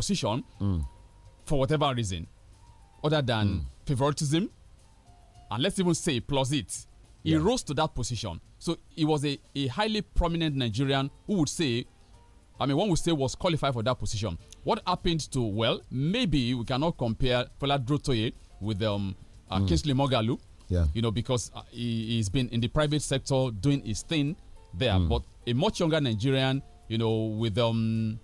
opposition mm. for whatever reason other than mm. favoritism and let's even say plus it he yeah. rose to that position so he was a, a highly prominent nigerian who would say i mean one would say was qualified for that position what happened to well maybe we cannot compare Fola Drotoye with um uh, mm. Mogalu yeah you know because uh, he, he's been in the private sector doing his thing there mm. but a much younger nigerian you know with um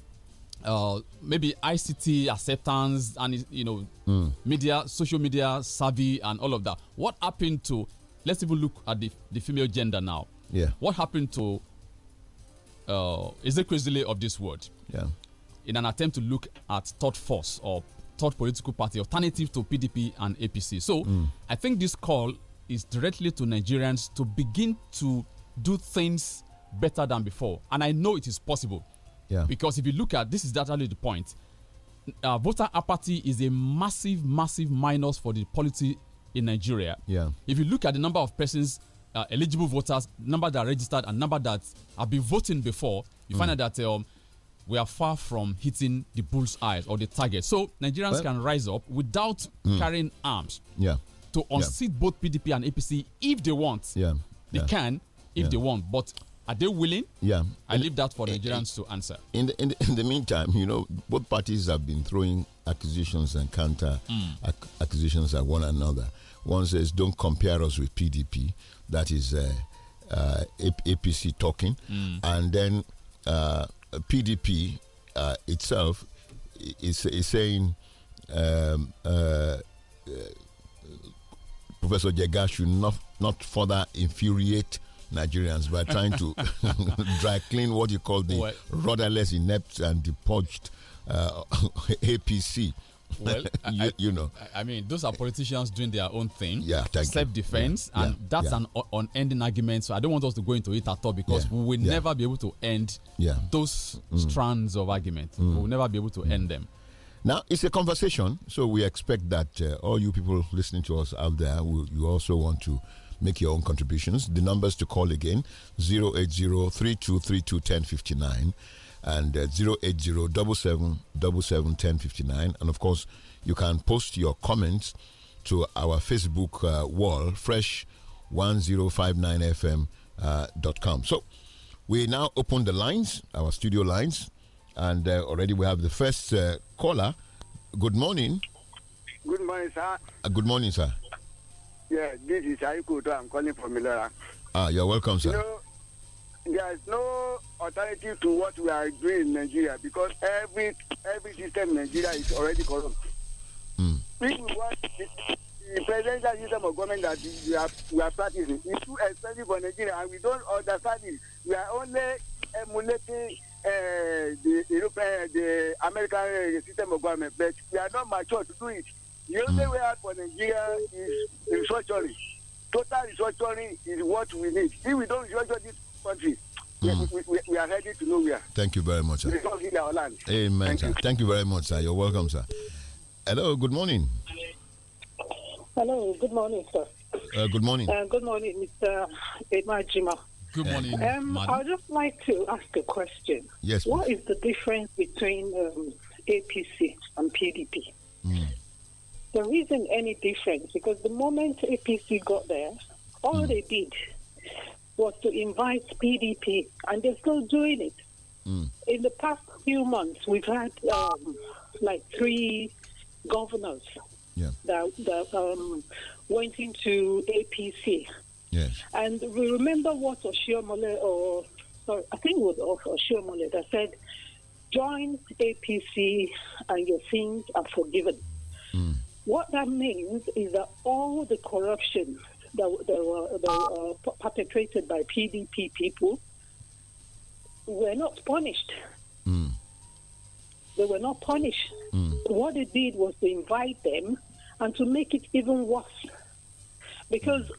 uh, maybe ICT acceptance and you know mm. media, social media savvy and all of that. What happened to? Let's even look at the, the female gender now. Yeah. What happened to? Uh, is it crazily of this word? Yeah. In an attempt to look at thought force or third political party alternative to PDP and APC. So mm. I think this call is directly to Nigerians to begin to do things better than before. And I know it is possible. Yeah. Because if you look at this, is actually the point. Uh, voter apathy is a massive, massive minus for the polity in Nigeria. Yeah. If you look at the number of persons, uh, eligible voters, number that registered, and number that have been voting before, you mm. find out that um, we are far from hitting the bull's eye or the target. So Nigerians well, can rise up without mm. carrying arms. Yeah. To unseat yeah. both PDP and APC if they want. Yeah. They yeah. can if they want, but are they willing? Yeah. I leave that for eh, Nigerians eh, to answer. In the, in the, in, the, meantime, you know, both parties have been throwing accusations and counter mm. ac accusations at one another. One says, don't compare us with PDP. That is uh, uh, APC talking. Mm. And then uh, PDP uh, itself is, is saying, um, uh, uh, Professor Jega should not, not further infuriate Nigerians by trying to dry clean what you call the what? rudderless, inept, and debauched uh, APC. Well, you, I, you, know, I mean, those are politicians doing their own thing. Yeah, self-defense, yeah, and yeah, that's yeah. an unending argument. So I don't want us to go into it at all because we will never be able to end those mm. strands of argument. Mm. We will never be able to mm. end them. Now it's a conversation, so we expect that uh, all you people listening to us out there, will, you also want to make your own contributions. The numbers to call again 080-3232-1059 and uh, 080-7777-1059. And of course, you can post your comments to our Facebook uh, wall, fresh1059fm.com. Uh, dot com. so we now open the lines, our studio lines, and uh, already we have the first uh, caller. Good morning. Good morning, sir. Uh, good morning, sir. Yeah, this is Aikuto. I'm calling from Milora. Ah, you're welcome, sir. You know, there is no alternative to what we are doing in Nigeria because every every system in Nigeria is already corrupt. Mm. If we want the, the presidential system of government that we are, we are practicing, it's too expensive for Nigeria and we don't understand it. We are only emulating uh, the, European, eh, the American eh, system of government, but we are not mature to do it. The only mm. way out for Nigeria is restructuring. Total restructuring is what we need. If we don't restructure this country, Mm. We, we, we, are ready to nowhere. Thank you very much, sir. Amen, Thank sir. You. Thank you very much, sir. You're welcome, sir. Hello, good morning. Hello, good morning, sir. Uh, good morning. Uh, good morning, Mr. Imajima. Good morning. Um, um I'd just like to ask a question. Yes. Please. What is the difference between um, APC and PDP? Mm there isn't any difference because the moment APC got there, all mm. they did was to invite PDP, and they're still doing it. Mm. In the past few months, we've had um, like three governors yeah. that, that um, went into APC. Yes. And we remember what Oshiomole, or sorry, I think it was Oshiomole, that said, join APC and your sins are forgiven. Mm. What that means is that all the corruption that, that were, that were uh, perpetrated by PDP people were not punished. Mm. They were not punished. Mm. What they did was to invite them and to make it even worse. Because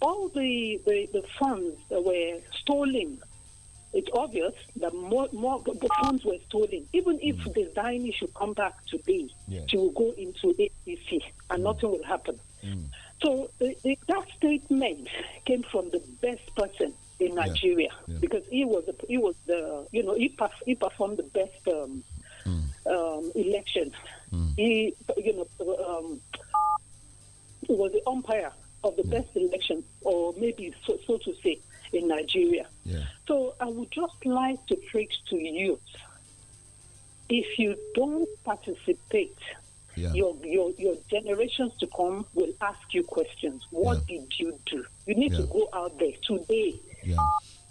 all the, the, the funds that were stolen it's obvious that more, more the funds were stolen. Even if mm. the Zaini should come back today, yes. she will go into APC and mm. nothing will happen. Mm. So uh, uh, that statement came from the best person in Nigeria yeah. Yeah. because he was the, he was the you know he perf he performed the best um, mm. um, election. Mm. He you know um, was the umpire of the best election, or maybe so, so to say in Nigeria. Yeah. So I would just like to preach to youth if you don't participate, yeah. your, your your generations to come will ask you questions. What yeah. did you do? You need yeah. to go out there today.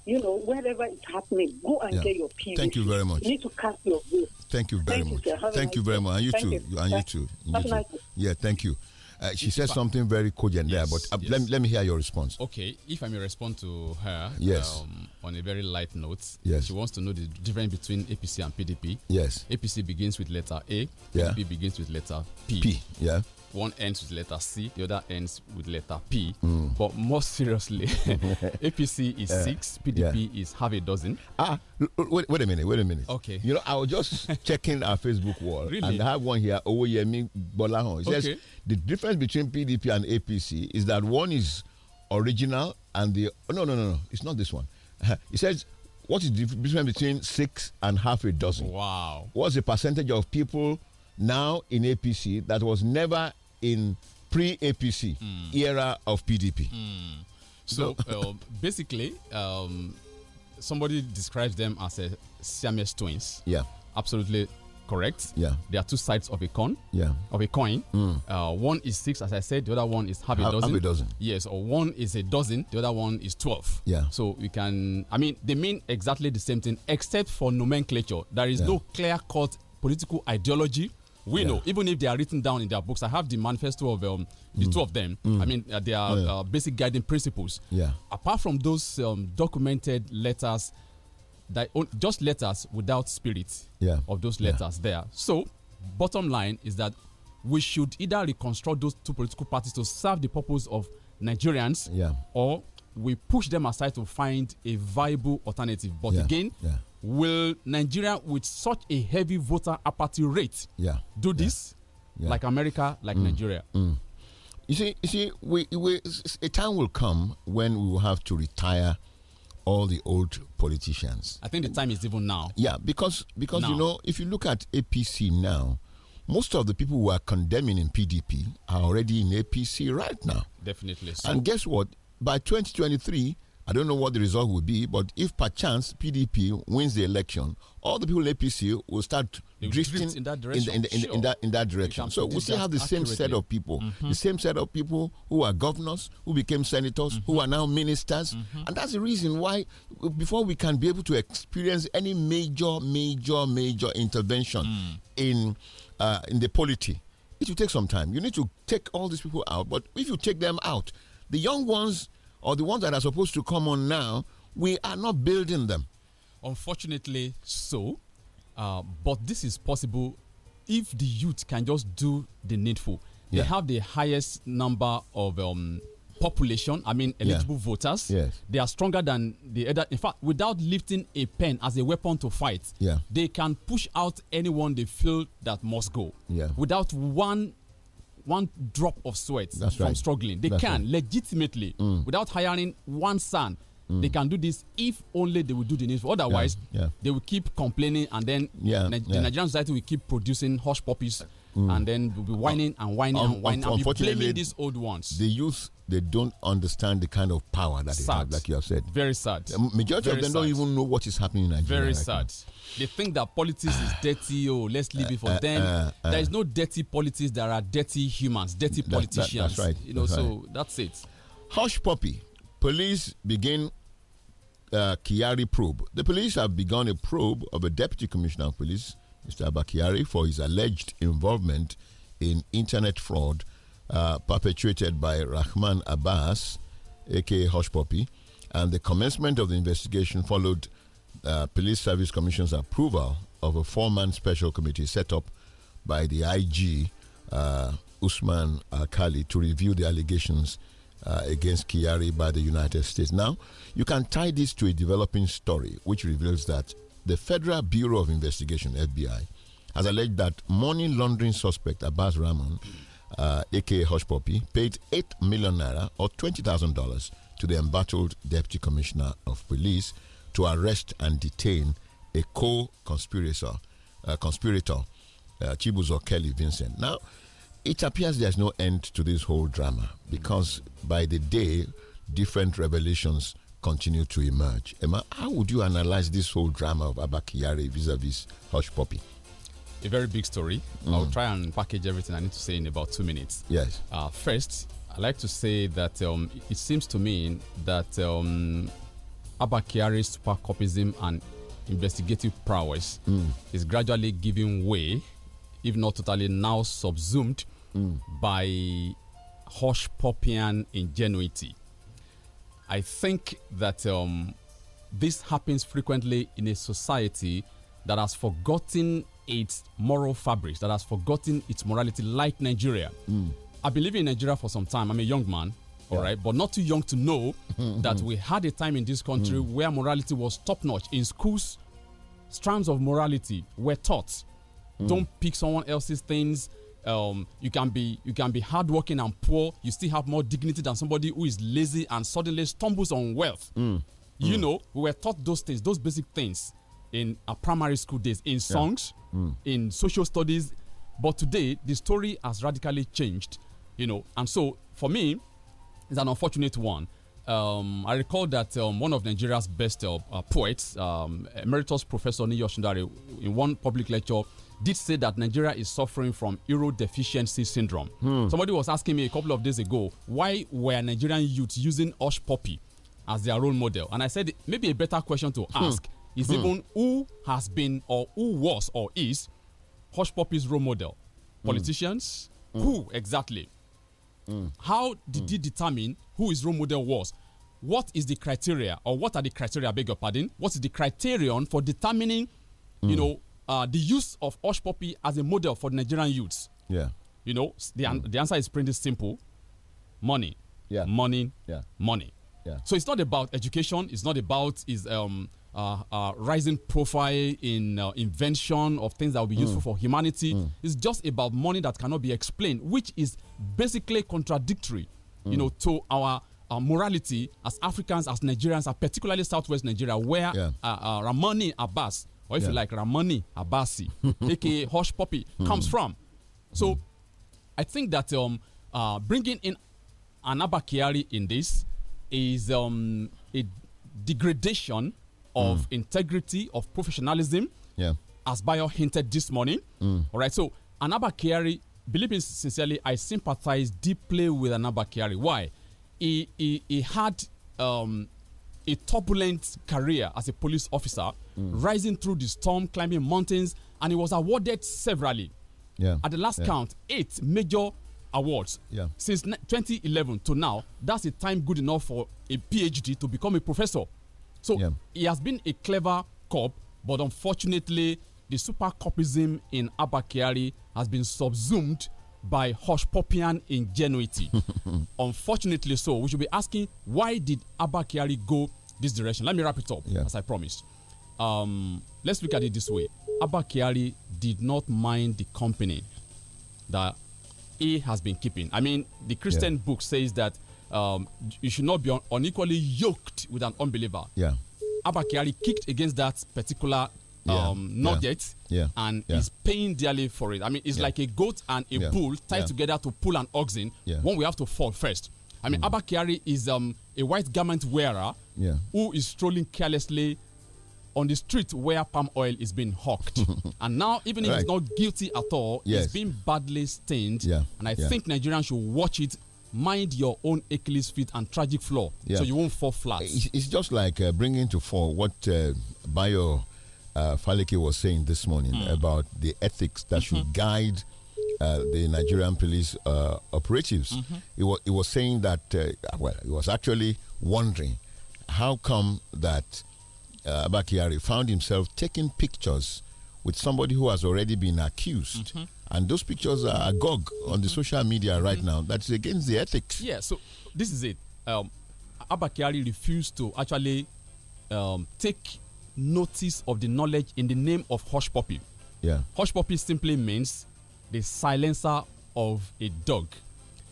You know, wherever it's happening, go and get your PVC. Thank you very much. You need to cast your vote. Thank you very thank much. You, thank you very much. And you too. And you too. You too. Yeah, thank you. Uh, she says something very cogent yes, there, but uh, yes. let, me, let me hear your response. Okay, if I may respond to her yes. Um, on a very light note, yes. she wants to know the difference between APC and PDP. Yes. APC begins with letter A, yeah. PDP begins with letter P. P, yeah one ends with letter C, the other ends with letter P. Mm. But more seriously, APC is uh, six, PDP yeah. is half a dozen. Ah, wait, wait a minute, wait a minute. Okay. You know, I was just checking our Facebook wall, really? and I have one here, Oweyemi Bolahon. It says okay. the difference between PDP and APC is that one is original and the no no no no it's not this one it says what is the difference between six and half a dozen wow what's the percentage of people now in apc that was never in pre-APC mm. era of PDP. Mm. So uh, basically, um, somebody describes them as a uh, Siamese twins. Yeah, absolutely correct. Yeah, there are two sides of a coin. Yeah, of a coin. Mm. Uh, one is six, as I said. The other one is half a dozen. Half a dozen. Yes, or one is a dozen. The other one is twelve. Yeah. So you can. I mean, they mean exactly the same thing, except for nomenclature. There is yeah. no clear-cut political ideology we yeah. know even if they are written down in their books i have the manifesto of um, the mm. two of mm. them mm. i mean uh, they are yeah. uh, basic guiding principles yeah apart from those um, documented letters that just letters without spirit yeah. of those letters there so bottom line is that we should either reconstruct those two political parties to serve the purpose of nigerians yeah. or we push them aside to find a viable alternative but again Will Nigeria, with such a heavy voter apathy rate, yeah. do yeah. this yeah. like America, like mm. Nigeria? Mm. You see, you see, we, we, a time will come when we will have to retire all the old politicians. I think the time is even now. Yeah, because because now. you know, if you look at APC now, most of the people who are condemning in PDP are already in APC right now. Definitely. So. And guess what? By 2023, I don't know what the result will be, but if perchance PDP wins the election, all the people in APC will start drifting in that direction. In, the, in, the, sure. in that, in that direction. So we still have the same set of people, mm -hmm. the mm-hmm. same set of people who are governors, who became senators, mm -hmm. who are mm-hmm. now ministers. Mm -hmm. And that's the reason why, before we can be able to experience any major, major, major intervention mm. in, uh, in the polity, it will take some time. You need to take all these people out. But if you take them out, the young ones or the ones that are supposed to come on now, we are not building them. Unfortunately, so. Uh, but this is possible if the youth can just do the needful. They yeah. have the highest number of um, population, I mean, eligible yeah. voters. Yes. They are stronger than the other. In fact, without lifting a pen as a weapon to fight, yeah. they can push out anyone they feel that must go. Without one one drop of sweat That's from right. struggling. They That's can right. legitimately, mm. without hiring one son, mm. they can do this if only they will do the needful. Otherwise, yeah. Yeah. they will keep complaining, and then yeah. the Nigerian society will keep producing hush puppies. Mm. and then we'll be whining and whining um, um and whining. Unfortunately, and these old ones. The youth they don't understand the kind of power that sad. they have, like you have said. Very sad. The majority Very of them sad. don't even know what is happening in Nigeria. Very right sad. Now. They think that politics is dirty. Oh, let's leave it for uh, uh, them. Uh, there is no dirty politics. There are dirty humans, dirty politicians. that, that's right. You know, that's so right. that's it. Hush puppy. Police begin uh, Kiari probe. The police have begun a probe of a deputy commissioner of police, Mr. Abakiari, for his alleged involvement in internet fraud uh, perpetrated by Rahman Abbas, aka Hush Puppy, and the commencement of the investigation followed uh, Police Service Commission's approval of a four-man special committee set up by the IG uh, Usman Akali to review the allegations uh, against Kiari by the United States. Now, you can tie this to a developing story which reveals that the Federal Bureau of Investigation (FBI) has alleged that money laundering suspect Abbas Rahman, uh, aka Hush Poppy, paid eight million naira or twenty thousand dollars to the embattled Deputy Commissioner of Police to arrest and detain a co-conspirator, uh, conspirator uh, Chibuzo Kelly Vincent. Now, it appears there's no end to this whole drama because by the day, different revelations continue to emerge. Emma, how would you analyze this whole drama of Abakiyare vis-a-vis Hush Poppy? A very big story. Mm. I'll try and package everything I need to say in about two minutes. Yes. Uh, first, I'd like to say that um, it seems to me that um, Abakiari's supercopism and investigative prowess mm. is gradually giving way, if not totally now subsumed, mm. by hush popian ingenuity. I think that um, this happens frequently in a society that has forgotten its moral fabric, that has forgotten its morality, like Nigeria. Mm. I believe in Nigeria for some time. I'm a young man yeah. right, but not too young to know that we had a time in this country hmm. where morality was top notch in schools. Strands of morality were taught. Hmm. Don't pick someone else's things. Um, you can be you can be hardworking and poor. You still have more dignity than somebody who is lazy and suddenly stumbles on wealth. Hmm. You know, we were taught those things, those basic things in our primary school days, in songs, yeah. mm. in social studies. But today, the story has radically changed, you know. And so, for me, it's an unfortunate one. Um, I recall that um, one of Nigeria's best uh, uh, poets, um, Emeritus Professor Niyo Shindari, in one public lecture, did say that Nigeria is suffering from Euro deficiency syndrome. Hmm. Somebody was asking me a couple of days ago, why were Nigerian youths using Osh Poppy as their role model? And I said, maybe a better question to hmm. ask hmm. is hmm. even who has been or who was or is Hush Poppy's role model? Hmm. Politicians? Hmm. Who exactly? Mm. How did mm. he determine who his role model was? What is the criteria, or what are the criteria? I beg your pardon. What is the criterion for determining, mm. you hmm. know, uh, the use of Osh Poppy as a model for Nigerian youths? Yeah. You know, the, an hmm. the answer is pretty simple money. Yeah. Money. Yeah. Money. Yeah. So it's not about education. It's not about is um, uh, uh, rising profile in uh, invention of things that will be useful mm. for humanity. Mm. It's just about money that cannot be explained, which is basically contradictory, mm. you know, to our morality as Africans, as Nigerians, and particularly Southwest Nigeria, where yeah. uh, uh, Ramani Abbas, or if yeah. you like Ramani Abbasi, aka Hush Puppy, mm. comes from. So mm. I think that um, uh, bringing in Anaba in this is um, a degradation of mm. integrity, of professionalism, yeah. as Bayo hinted this morning. Hmm. All right, so Anaba believe me sincerely, I sympathize deeply with Anabakari. Why? He, he, he had um, a turbulent career as a police officer, mm. rising through the storm, climbing mountains, and he was awarded severally. Yeah. At the last yeah. count, eight major awards. Yeah. Since 2011 to now, that's a time good enough for a PhD to become a professor. So yeah. he has been a clever cop, but unfortunately, the super copism in Abakari has been subsumed by hush popian ingenuity. Unfortunately, so we should be asking why did Abakari go this direction? Let me wrap it up yeah. as I promised. Um, let's look at it this way Abakari did not mind the company that he has been keeping. I mean, the Christian yeah. book says that um, you should not be unequally yoked with an unbeliever. Yeah. Abakari kicked against that particular yeah. Um, not yeah. yet. Yeah. And yeah. he's paying dearly for it. I mean, it's like a goat and a bull tied together to pull an oxen. One we have to fall first. I mean, mm. Abba is um, a white garment wearer who is strolling carelessly on the street where palm oil is being hawked. and now, even if he's not guilty at all, yes. he's being badly stained. Yeah. And I think Nigerians should watch it mind your own Achilles feet and tragic flaw yeah. so you won't fall flat. It's just like uh, bringing to fall what uh, Bayo uh, was saying this morning mm. about the ethics that mm -hmm. should guide uh, the Nigerian police uh, operatives. Mm -hmm. He, wa- he was saying that, uh, well, he was actually wondering how come that uh, Abakiari found himself taking pictures with somebody who has already been accused. -hmm. And those pictures are agog on the mm-hmm. social media right mm-hmm. now. That's against the ethics. Yeah, so this is it. Um, Abakiari refused to actually um, take notice of the knowledge in the name of hush puppy. Yeah. Hush puppy simply means the silencer of a dog.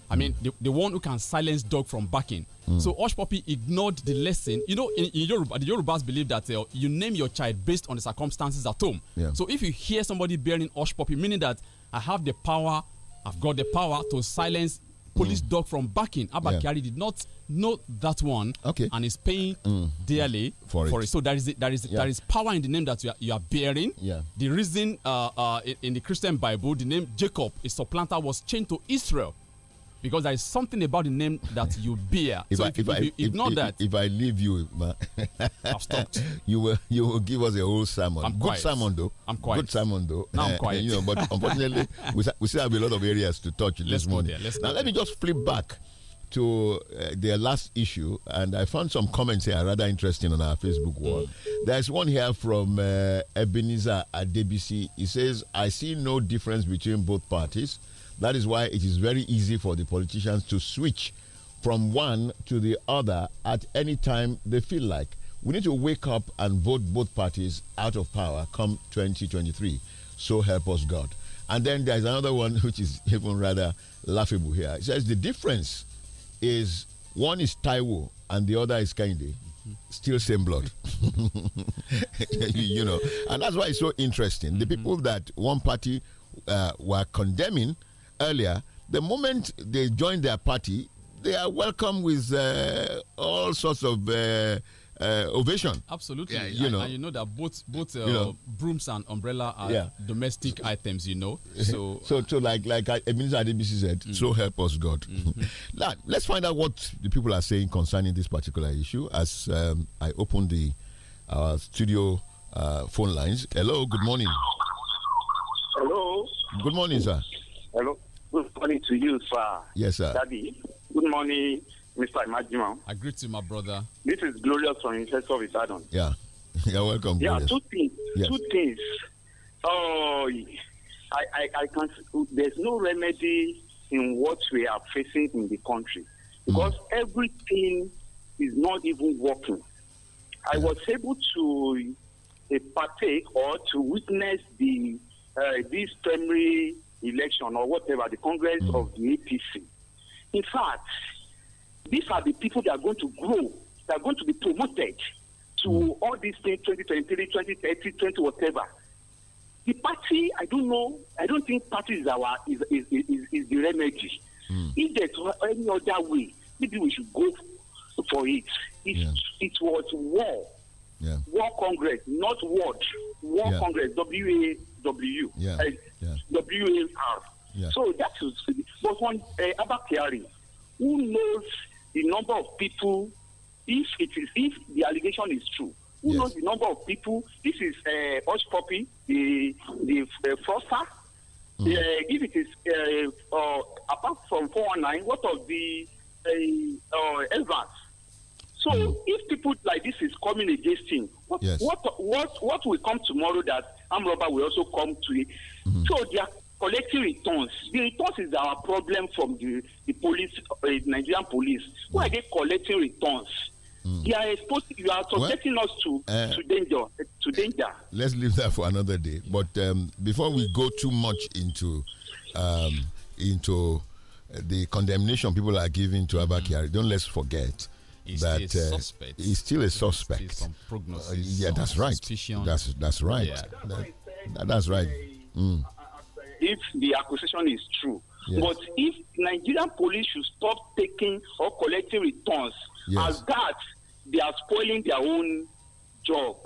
I mean, hmm. the, the one who can silence dog from barking. Mm. So Hush Puppy ignored the lesson. You know, in, in Yoruba, the Yorubas believe that uh, you name your child based on the circumstances at home. Yeah. So if you hear somebody bearing Hush Puppy, meaning that I have the power, I've got the power to silence police mm. dog from backing. Abakari yeah. did not know that one. Okay. And is paying mm. mm. dearly for, for it. it. So there is a, there is yeah. there is power in the name that you are, you are bearing. Yeah. The reason uh, uh, in the Christian Bible the name Jacob, a supplanter, was changed to Israel because there is something about the name that you bear. If so I, if, if, if, not that, if I leave you, man, I've stopped. You will you will give us a whole sermon. I'm Good quiet. sermon though. I'm quiet. Good sermon though. Now I'm quiet. you know, but unfortunately, we, we still have a lot of areas to touch Let's this now let me just flip back to uh, their last issue, and I found some comments here rather interesting on our Facebook wall. There's one here from uh, Ebenezer at DBC. He says, "I see no difference between both parties." That is why it is very easy for the politicians to switch from one to the other at any time they feel like. We need to wake up and vote both parties out of power come 2023. So help us God. And then there's another one which is even rather laughable here. It says the difference is one is Taiwo and the other is Kainde. Still same blood. you know. And that's why it's so interesting. The mm-hmm. people that one party uh, were condemning earlier, the moment they join their party, they are welcome with uh, all sorts of uh, uh, ovation. Absolutely, yeah, you and, know, and you know that both both uh, you know, brooms and umbrella are yeah. domestic items. You know, so uh, so so like like uh, Ebenezer Adebisi said, mm. so help us God. Mm -hmm. now let's find out what the people are saying concerning this particular issue. As um, I open the our studio phone lines. Hello, good morning. Hello. Good morning, sir to you, sir. Yes, sir. Daddy, good morning, Mr. Imajima. I greet you, my brother. This is Glorious from Interest Service, Adam. Yeah. You're welcome. Yeah, glorious. two things. Yes. Two things. Oh, I, I, I can There's no remedy in what we are facing in the country mm. because mm. everything is not even working. I yeah. was able to uh, partake or to witness the uh, this primary election or whatever, the Congress mm. of the APC. In fact, these are the people that are going to grow, that are going to be promoted to mm. all these things 2023, 2030, 20 whatever. The party, I don't know, I don't think party is our is, is, is, is the remedy. Mm. If there's any other way, maybe we should go for it. It's yeah. it was war. Yeah. War Congress, not what. War yeah. Congress, W A W. Yeah. Uh, yeah. W-A-R. Yeah. So that is, but on uh, about who knows the number of people, if it is, if the allegation is true, who yes. knows the number of people, this is uh, eh, Poppy, the, the uh, fraudster, mm. uh, if it is, uh, uh, apart from 419, what of the uh, uh, so mm. if people like this is coming against him, what, yes. what what what will come tomorrow that arm robber will also come to it? Mm. So they are collecting returns. The returns is our problem from the, the police, uh, Nigerian police. Mm. Why are hmm. they collecting returns? Mm. are exposed. You are subjecting well, us to uh, to danger. To danger. Let's leave that for another day. But um, before we go too much into um, into the condemnation people are giving to Abakari, don't let's forget he's that still uh, suspect. He's still a suspect. Still prognosis, uh, yeah, that's right. Suspicion. That's that's right. Yeah. That, that's right. Mm. If the accusation is true, yes. but if Nigerian police should stop taking or collecting returns, yes. as that they are spoiling their own job.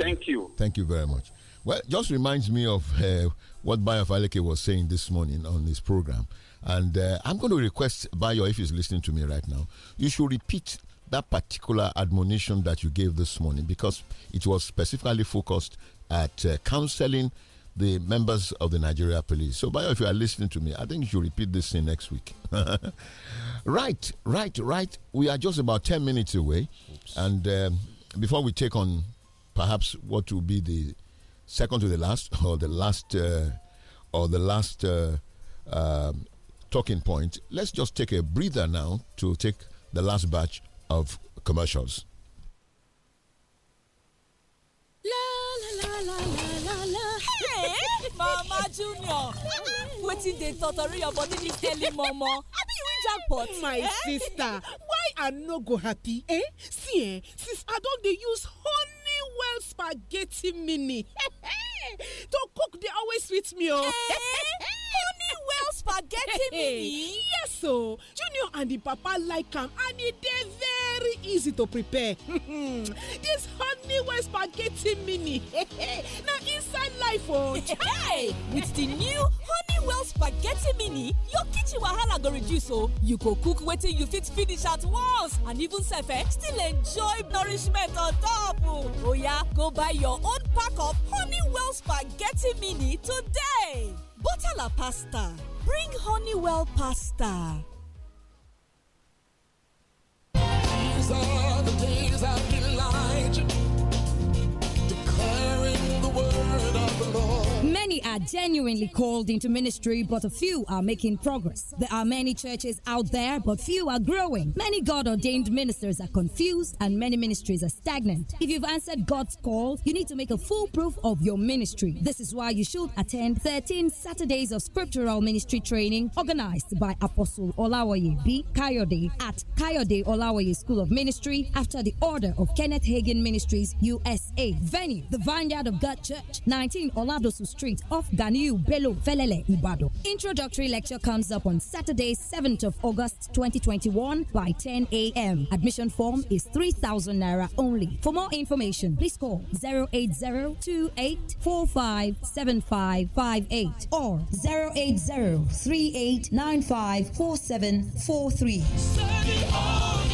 Thank you. Thank you very much. Well, just reminds me of uh, what Bayo Faleke was saying this morning on this program. And uh, I'm going to request Bayo, if he's listening to me right now, you should repeat that particular admonition that you gave this morning because it was specifically focused at uh, counseling the members of the Nigeria police. So, Bayo, if you are listening to me, I think you should repeat this thing next week. right, right, right. We are just about 10 minutes away. Oops. And um, before we take on perhaps what will be the second to the last or the last uh, or the last uh, um, talking point, let's just take a breather now to take the last batch of commercials. mama junior wetin dey totori your body dis early momo jackpot. my eh? sister why i no go happy eh? see eh, since i don dey use honeywell spaghetti mini to cook dey always sweet me Oh. Eh? honeywell spaghetti mini. yes o junior and the papa like them, and they're very easy to prepare. this honeywell spaghetti mini Now, inside life oh, Hey, with the new honeywell spaghetti mini your kitchen wahala go reduce Oh, you go cook waiting, you fit finish at once and even sef eh, still enjoy nourishment on top Oh yeah, go buy your own pack of honeywell spaghetti mini today butter pasta. Bring Honeywell pasta. These are the days I've been lying. are genuinely called into ministry, but a few are making progress. There are many churches out there, but few are growing. Many God ordained ministers are confused, and many ministries are stagnant. If you've answered God's call, you need to make a foolproof of your ministry. This is why you should attend 13 Saturdays of scriptural ministry training organized by Apostle Olawaye B. Kayode at Kayode Olawaye School of Ministry after the order of Kenneth Hagen Ministries USA. Venue, the Vineyard of God Church, 19 Oladosu Street, Ganiu Velele Introductory lecture comes up on Saturday, 7th of August 2021 by 10 a.m. Admission form is 3,000 naira only. For more information, please call 08028457558 or 08038954743.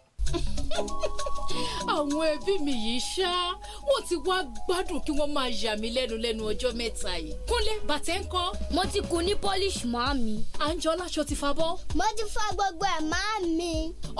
àwọn ẹbí mi yìí ṣá wọn ti wá gbádùn kí wọn máa yà mí lẹ́nu lẹ́nu ọjọ́ mẹ́ta yìí. kúnlẹ̀ bàtẹ́ ń kọ́. mo ti kun ní polish máa mi. àǹjọ láṣọ ti fa bọ́. mo ti fa gbogbo ẹ̀ máa mi.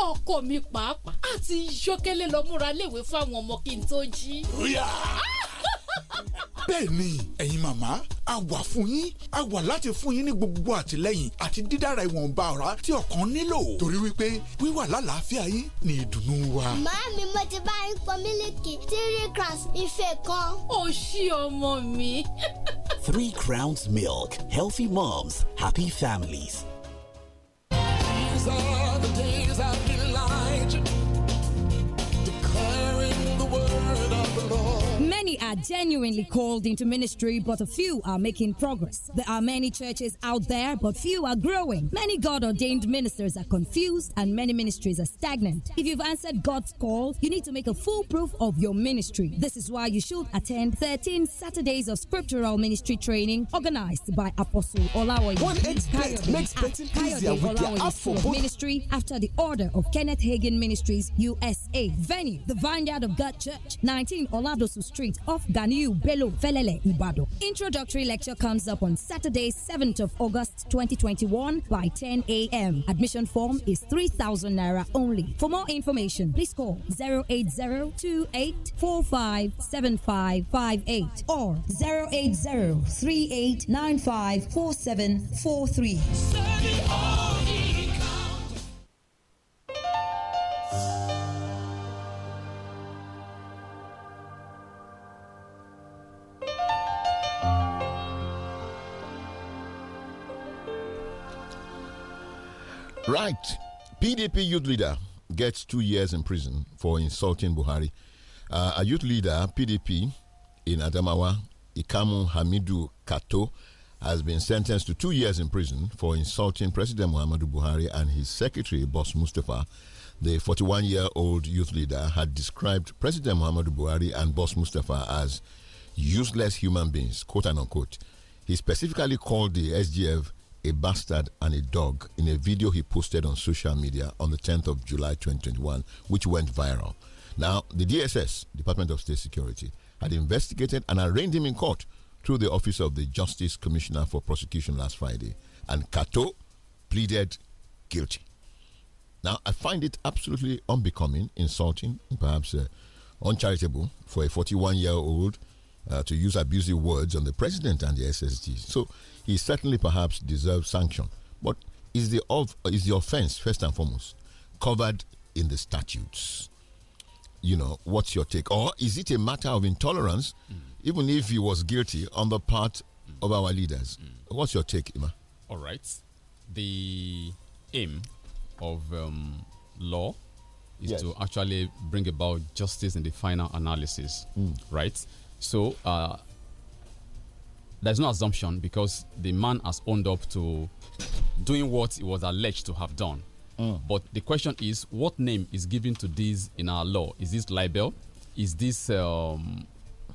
ọkọ mi pàápàá àti yọkẹlẹ lọ múra léwe fáwọn ọmọ kí n tó jí. ríà bẹ́ẹ̀ ni ẹ̀yin màmá a wà fún yín a wà láti fún yín ní gbogbo àtìlẹ́yìn àti dídára ìwọ̀nba ọ̀rá tí ọ̀kan nílò torí wípé wíwà lálàáfíà yín ni ìdùnnú wa. màámi mo ti bá yín pọn mílìkì three crowns ife kan. ó ṣí ọmọ mi. three crowns milk healthy moms happy families. these are the days. are genuinely called into ministry, but a few are making progress. There are many churches out there, but few are growing. Many God ordained ministers are confused, and many ministries are stagnant. If you've answered God's call, you need to make a foolproof of your ministry. This is why you should attend 13 Saturdays of scriptural ministry training organized by Apostle Olawoye. One expert makes for both. Ministry after the order of Kenneth Hagen Ministries USA. Venue, the Vineyard of God Church, 19 Oladosu Street, off of Velele Introductory lecture comes up on Saturday, 7th of August 2021 by 10 a.m. Admission form is 3,000 naira only. For more information, please call 08028457558 or 08038954743. Right. PDP youth leader gets two years in prison for insulting Buhari. Uh, a youth leader, PDP, in Adamawa, Ikamu Hamidu Kato, has been sentenced to two years in prison for insulting President Muhammadu Buhari and his secretary, Boss Mustafa. The 41 year old youth leader had described President Muhammadu Buhari and Boss Mustafa as useless human beings, quote unquote. He specifically called the SGF a bastard and a dog in a video he posted on social media on the 10th of July 2021, which went viral. Now, the DSS, Department of State Security, had investigated and arraigned him in court through the Office of the Justice Commissioner for Prosecution last Friday, and Kato pleaded guilty. Now, I find it absolutely unbecoming, insulting, perhaps uh, uncharitable for a 41 year old uh, to use abusive words on the president and the SSG. So, he certainly perhaps deserves sanction. But is the of, is the offense first and foremost covered in the statutes? You know, what's your take? Or is it a matter of intolerance, mm. even if he was guilty on the part mm. of our leaders? Mm. What's your take, Ima? All right. The aim of um, law is yes. to actually bring about justice in the final analysis, mm. right? So, uh, there's no assumption because the man has owned up to doing what he was alleged to have done. Mm. But the question is, what name is given to this in our law? Is this libel? Is this um,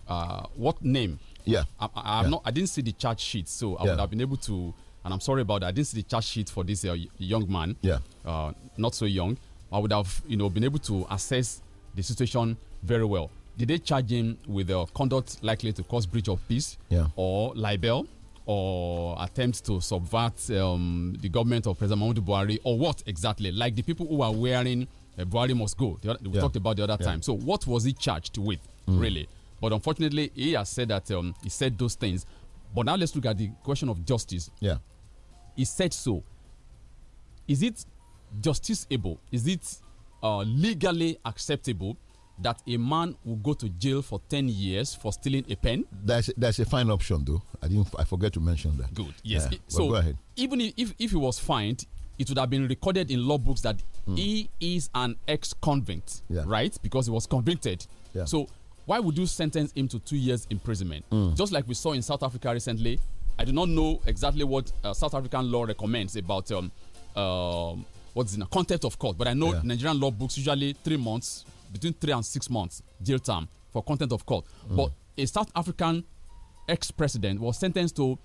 uh, what name? Yeah, I, I, yeah. Not, I, didn't see the charge sheet, so I yeah. would have been able to. And I'm sorry about that. I didn't see the charge sheet for this uh, young man. Yeah, uh, not so young. I would have, you know, been able to assess the situation very well did they charge him with a conduct likely to cause breach of peace yeah. or libel or attempts to subvert um, the government of President Mahmoud Buhari or what exactly? Like the people who are wearing uh, Buhari must go. Other, we yeah. talked about the other yeah. time. So what was he charged with mm. really? But unfortunately, he has said that um, he said those things. But now let's look at the question of justice. Yeah, he said so. Is it justiceable? Is it uh, legally acceptable that a man will go to jail for 10 years for stealing a pen? That's a fine option, though. I didn't. I forget to mention that. Good. Yes. Yeah, so, go ahead. even if, if he was fined, it would have been recorded in law books that mm. he is an ex convict, yeah. right? Because he was convicted. Yeah. So, why would you sentence him to two years imprisonment? Mm. Just like we saw in South Africa recently. I do not know exactly what uh, South African law recommends about um, um, what's in the contempt of court, but I know yeah. Nigerian law books usually three months between three and six months jail term for contempt of court. Mm. But a South African ex president was sentenced to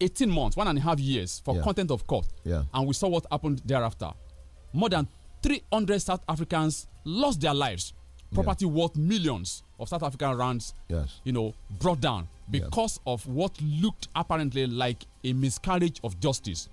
18 months, one and a half years for yeah. contempt of court. Yeah. And we saw what happened thereafter. More than 300 South Africans lost their lives. Property yeah. worth millions of South African rands, yes. you know, brought down because yeah. of what looked apparently like a miscarriage of justice.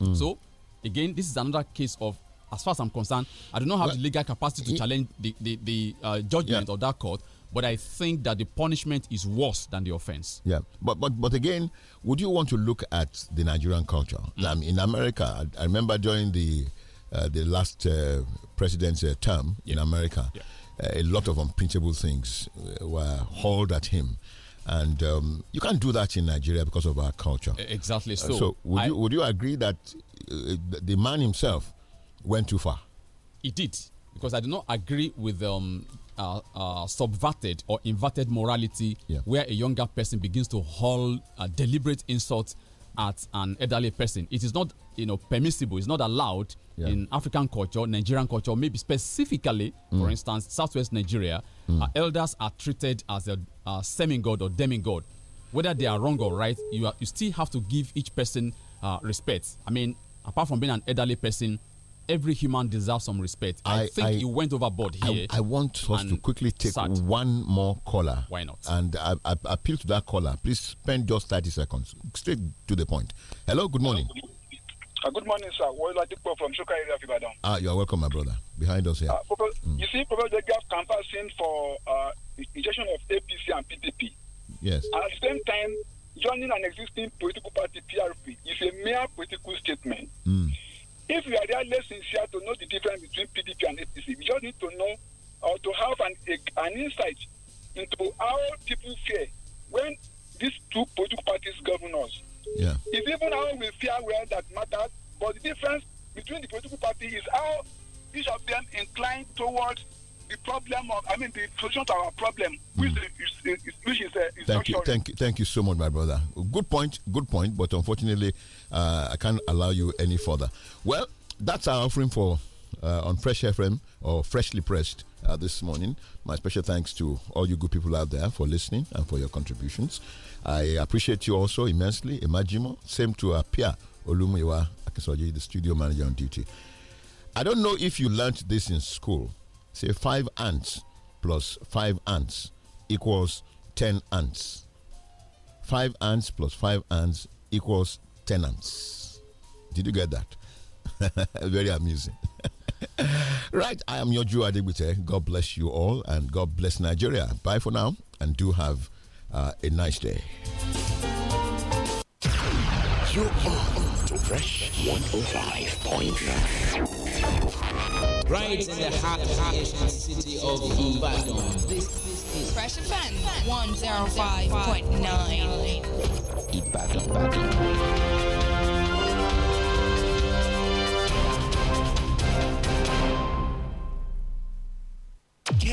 Mm. So, again, this is another case of as far as I'm concerned, I do not have well, the legal capacity to challenge the the, the uh, judgment yeah. of that court. But I think that the punishment is worse than the offense. Yeah, but but but again, would you want to look at the Nigerian culture? Mm. Um, in America, I, I, remember during the uh, the last uh, president's uh, term yeah. in America, yeah. Uh, a lot of unprintable things uh, were hauled at him and um, you can't do that in Nigeria because of our culture. Exactly. So, uh, so would I, you would you agree that uh, the man himself went too far. It did because I do not agree with um, uh, uh, subverted or inverted morality yeah. where a younger person begins to hurl a uh, deliberate insults at an elderly person. It is not you know permissible. It's not allowed yeah. in African culture, Nigerian culture, maybe specifically, mm. for instance, Southwest Nigeria. Mm. elders are treated as a uh, semi-god or demigod. Whether they are wrong or right, you, are, you still have to give each person uh, respect. I mean, apart from being an elderly person, every human deserves some respect. I, I think I, you went overboard here. I, I want us to quickly take sat. one more caller. Why not? And I, appeal to that caller. Please spend just 30 seconds. Straight to the point. Hello, good morning. Uh, good morning, sir. Woyola from Shuka area of Ibadan. Ah, you are welcome, my brother. Behind us here. Uh, mm. You see, Professor Jagaf campaigning for uh, injection of APC and PDP. Yes. At the same time, joining an existing political party, PRP, is a mere political statement. Mm if you are really sincere to know the difference between PDP and APC, you just need to know or to have an, a, an insight into how people fare when these two political parties govern us. Yeah. It's even how we fare where that matters, but the difference between the political party is how each of them inclined towards the problem of, I mean, the solution to our problem, mm. which is, is, which is, uh, is thank you, thank you, thank you so much, my brother. Good point, good point. But unfortunately, uh, I can't allow you any further. Well, that's our offering for uh, on Fresh FM or Freshly Pressed uh, this morning. My special thanks to all you good people out there for listening and for your contributions. I appreciate you also immensely, Imajimo. Same to Apia Olumuyiwa Akisoji, the studio manager on duty. I don't know if you learned this in school say five ants plus five ants equals 10 ants. Five ants plus five ants equals 10 ants. Did you get that? Very amusing. right, I am your Jew Adibute. God bless you all and God bless Nigeria. Bye for now and do have uh, a nice day. You are to Fresh 105.9. Right in the heart of city of Ibadan. This is Fresh and 105.9. Ibadan. Ibadan.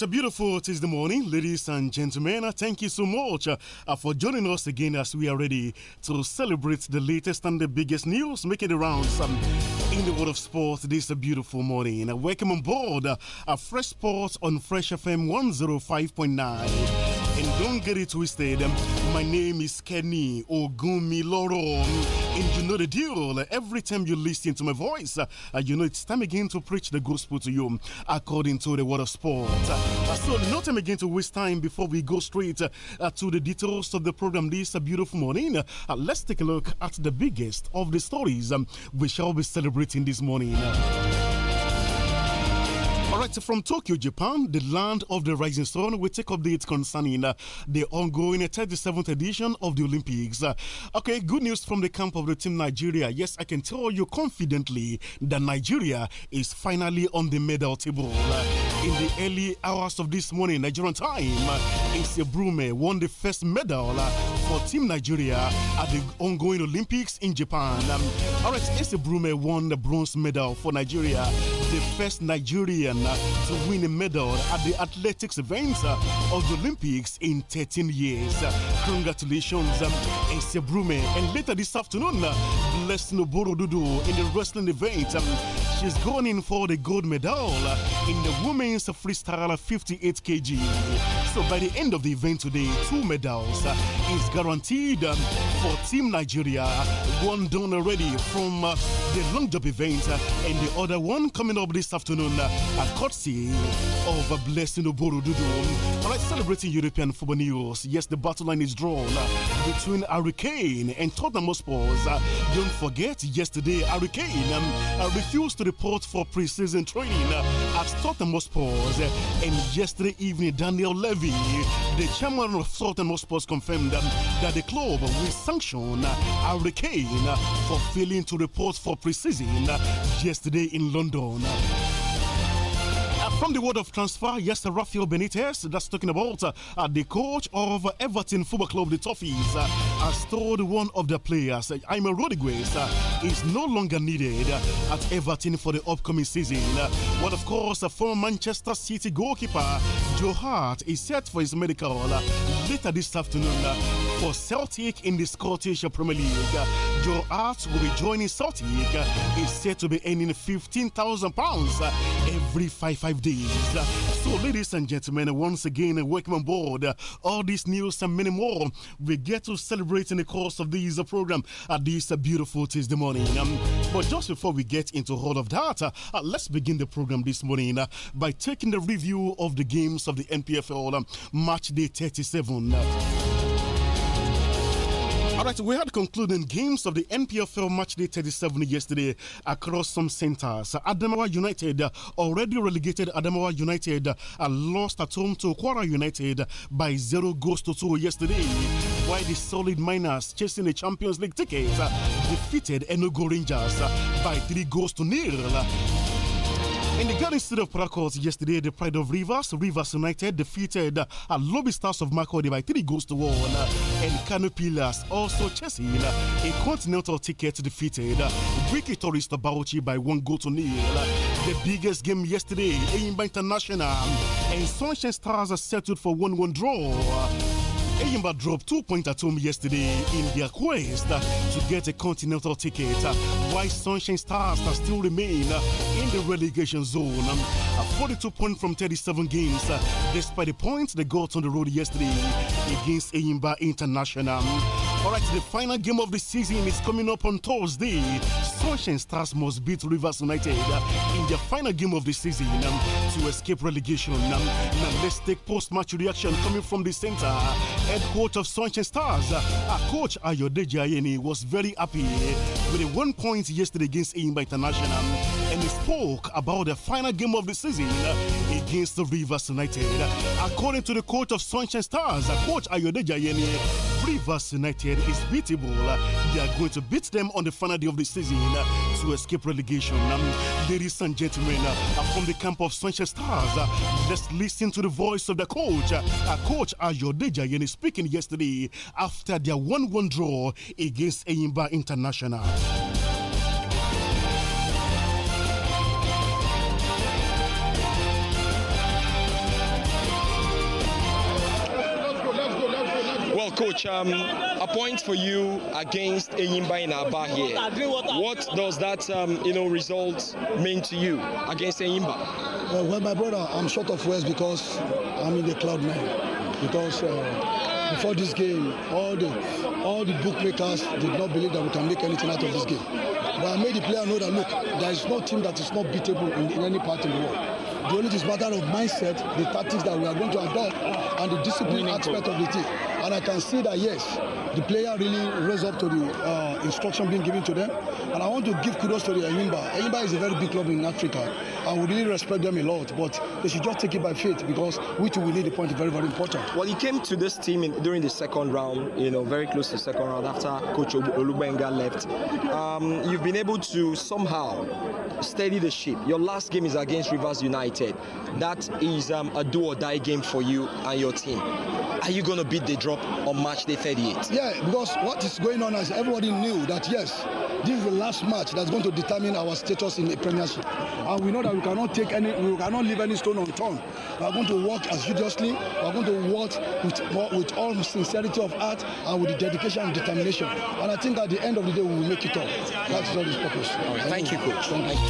It's a beautiful Tuesday morning, ladies and gentlemen. Thank you so much uh, for joining us again as we are ready to celebrate the latest and the biggest news making the rounds. Um, in the world of sports, this is a beautiful morning. Uh, welcome on board uh, Fresh Sports on Fresh FM 105.9. And don't get it twisted. Um, my name is Kenny Ogumiloro. And you know the deal. Every time you listen to my voice, uh, you know it's time again to preach the gospel to you according to the word of sport. Uh, so, no time again to waste time before we go straight uh, uh, to the details of the program this uh, beautiful morning. Uh, uh, let's take a look at the biggest of the stories um, we shall be celebrating this morning right, from Tokyo, Japan, the land of the rising sun, we take updates concerning uh, the ongoing 37th edition of the Olympics. Uh, okay, good news from the camp of the team Nigeria. Yes, I can tell you confidently that Nigeria is finally on the medal table. Uh, in the early hours of this morning, Nigerian time, uh, Ace Brume won the first medal uh, for Team Nigeria at the ongoing Olympics in Japan. Um, all right, Ace Brume won the bronze medal for Nigeria the first Nigerian to win a medal at the athletics event of the Olympics in 13 years. Congratulations, Asia um, Brume. And later this afternoon, uh, Blessing Oboro Dudu in the wrestling event. Um, she's going in for the gold medal in the women's freestyle 58 kg. So by the end of the event today, two medals uh, is guaranteed um, for Team Nigeria. One done already from uh, the long jump event, and the other one coming up Club this afternoon at courtesy of a Blessing of Oborududu. All right, celebrating European football news. Yes, the battle line is drawn between Hurricane and Tottenham Hotspur. Don't forget, yesterday Hurricane um, uh, refused to report for pre-season training at Tottenham Hotspur. And yesterday evening, Daniel Levy, the chairman of Tottenham Hotspur, confirmed um, that the club will sanction Hurricane for failing to report for pre-season yesterday in London. Uh, from the world of transfer, yes, uh, Rafael Benitez, that's talking about uh, the coach of Everton Football Club, the Toffees, uh, has told one of the players, uh, I'm a Rodriguez, uh, is no longer needed at Everton for the upcoming season. But of course, former Manchester City goalkeeper Joe Hart is set for his medical later this afternoon for Celtic in the Scottish Premier League. Joe Hart will be joining Celtic. Is said to be earning £15,000 every five, five days. So, ladies and gentlemen, once again, welcome on board. All this news and many more we get to celebrate in the course of this program at this beautiful Tuesday morning. Um, but just before we get into all of that, uh, let's begin the program this morning uh, by taking the review of the games of the NPFL um, match day 37. All right, we had concluding games of the NPFL match day 37 yesterday across some centres. Adamawa United, uh, already relegated Adamawa United, uh, lost at home to Quara United by 0 goals to 2 yesterday. While the solid miners chasing a Champions League ticket uh, defeated Enugu Rangers by 3 goals to nil. In the Garden State of Paracos yesterday, the Pride of Rivers, Rivers United defeated uh, Lobby Stars of Makodi by three goals to one. Uh, and Kano also chasing uh, a continental ticket defeated uh, Ricky Torres Tabauchi by one goal to nil. Uh, the biggest game yesterday, Aimba International and Sunshine Stars are settled for 1 1 draw. Eyimba dropped two points at home yesterday in their quest to get a continental ticket. While Sunshine Stars still remain in the relegation zone. Um, 42 points from 37 games, uh, despite the points they got on the road yesterday against Eyimba International. Um, all right, the final game of the season is coming up on Thursday. Sunshine Stars must beat Rivers United uh, in their final game of the season um, to escape relegation. Um, now, let's take post match reaction coming from the center. Head coach of Sunshine Stars, uh, uh Coach Ayodeji Ayeni, was very happy with a one point yesterday against Aimba International. Um, and he spoke about the final game of the season uh, against Rivers United. According to the coach of Sunshine Stars, Coach Ayodeji Ayeni, Rivers United is beatable. They are going to beat them on the final day of the season to escape relegation. Um, ladies and gentlemen, uh, from the camp of Sunshine Stars, uh, let's listen to the voice of the coach. Uh, coach Ayodeja Yeni speaking yesterday after their 1 1 draw against Eyimba International. Coach, um, a point for you against Enyimba in Aba here. What does that um, you know result mean to you against Enyimba? Well, well, my brother, I'm short of words because I'm in the cloud now. Because uh, before this game, all the all the bookmakers did not believe that we can make anything out of this game. But I made the player know that look, there is no team that is not beatable in, in any part in the world. The only is matter of mindset, the tactics that we are going to adopt, and the discipline aspect of the team. And I can see that yes, the player really raised up to the uh, instruction being given to them. And I want to give kudos to the Enyimba. Enyimba is a very big club in Africa, and we really respect them a lot. But they should just take it by faith because we too will need the point very very important. Well, he came to this team in, during the second round, you know, very close to the second round after Coach Olubenga left. Um, you've been able to somehow steady the ship. Your last game is against Rivers United. That is um, a do or die game for you and your team. Are you going to beat the drop on match day 38? Yeah, because what is going on is everybody knew that yes, this is the last match that's going to determine our status in the Premiership. And we know that we cannot take any, we cannot leave any stone unturned. We are going to work assiduously. We are going to work with, with all sincerity of heart and with dedication and determination. And I think at the end of the day, we will make it up. That's all his purpose. Thank you, coach. Thank you.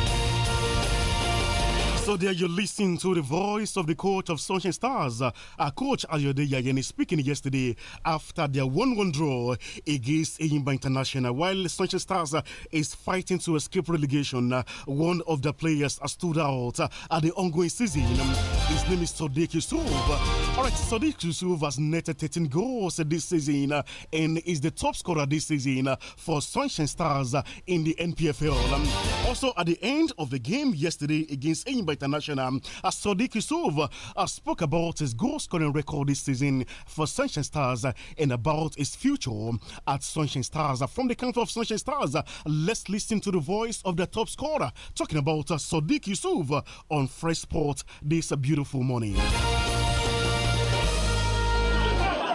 So there you listen to the voice of the coach of Sunshine Stars, uh, uh Coach Ayode Yayeni, speaking yesterday after their 1-1 draw against Eyimba International. While Sunshine Stars uh, is fighting to escape relegation, uh, one of the players stood out uh, at the ongoing season. Um, his name is Sadiq Yusuf. All right, Sadiq Yusuf has netted 13 goals this season uh, and is the top scorer this season uh, for Sunshine Stars in the NPFL. Um, also, at the end of the game yesterday against Eyimba International international Sadiq Yusuf spoke about his goal scoring record this season for Sunshine Stars and about his future at Sunshine Stars. From the camp of Sunshine Stars, let's listen to the voice of the top scorer talking about Sadiq Yusuf on Fresh Sport this beautiful morning.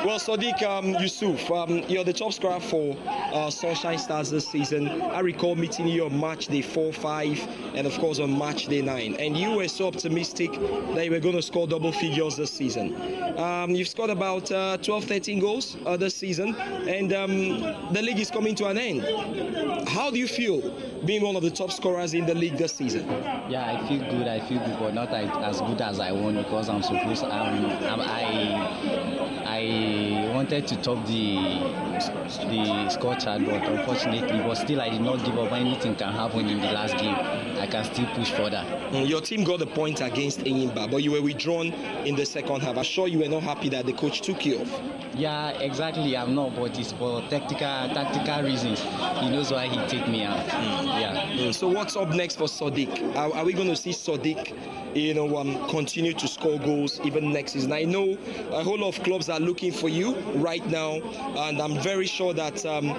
Well, Sadiq um, Yusuf, um, you're the top scorer for uh, Sunshine Stars this season. I recall meeting you on match day 4 5 and, of course, on match day 9. And you were so optimistic that you were going to score double figures this season. Um, you've scored about uh, 12 13 goals uh, this season, and um, the league is coming to an end. How do you feel being one of the top scorers in the league this season? Yeah, I feel good. I feel good, but not as good as I want because I'm supposed to. Um, I, I I wanted to top the the scorecard, but unfortunately, but still I did not give up. Anything can happen in the last game. I can still push further. Mm, your team got the point against Enyimba, but you were withdrawn in the second half. I'm sure you were not happy that the coach took you off. Yeah, exactly. I'm not, but it's for tactical tactical reasons. He knows why he take me out. Mm. Yeah. Mm. So what's up next for Sadiq? Are, are we going to see Sadiq you know, um, continue to score goals even next season. I know a whole lot of clubs are looking for you right now, and I'm very sure that um,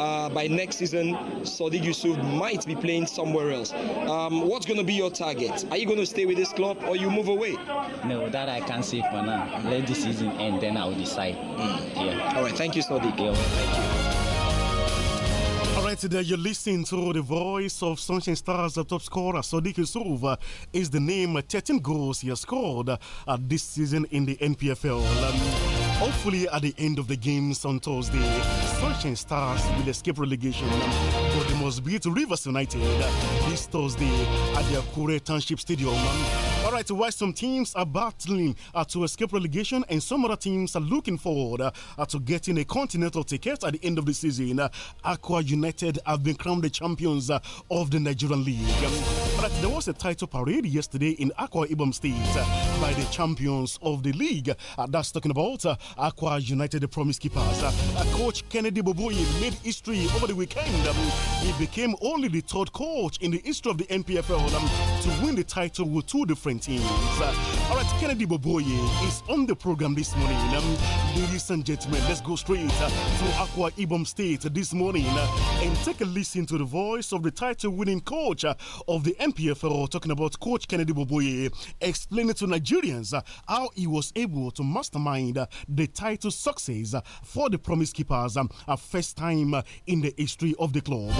uh, by next season, Sadiq Yusuf might be playing somewhere else. Um, what's going to be your target? Are you going to stay with this club or you move away? No, that I can't say for now. Let the season end, then I'll decide. Mm. Yeah. All right. Thank you, Sadiq. Yeah, thank you right, there you're listening to the voice of Sunshine Stars, the top scorer Sadiq Yusuf uh, is the name. Uh, 13 goals he has scored uh, this season in the NPFL. Um, hopefully, at the end of the games on Thursday, Sunshine Stars will escape relegation. But um, they must beat Rivers United uh, this Thursday at the Kure Township Stadium. Um, all right, while some teams are battling uh, to escape relegation and some other teams are looking forward uh, to getting a continental ticket at the end of the season, uh, Aqua United have been crowned the champions uh, of the Nigerian League. Um, but there was a title parade yesterday in Aqua Ibom State uh, by the champions of the league. Uh, that's talking about uh, Aqua United, the promise keepers. Coach Kennedy Boboye made history over the weekend. Um, he became only the third coach in the history of the NPFL um, to win the title with two different uh, all right, Kennedy Boboye is on the program this morning. Um, ladies and gentlemen, let's go straight uh, to Aqua Ibom State this morning uh, and take a listen to the voice of the title winning coach uh, of the MPFL talking about Coach Kennedy Boboye explaining to Nigerians uh, how he was able to mastermind the title success for the Promise Keepers um, first time in the history of the club.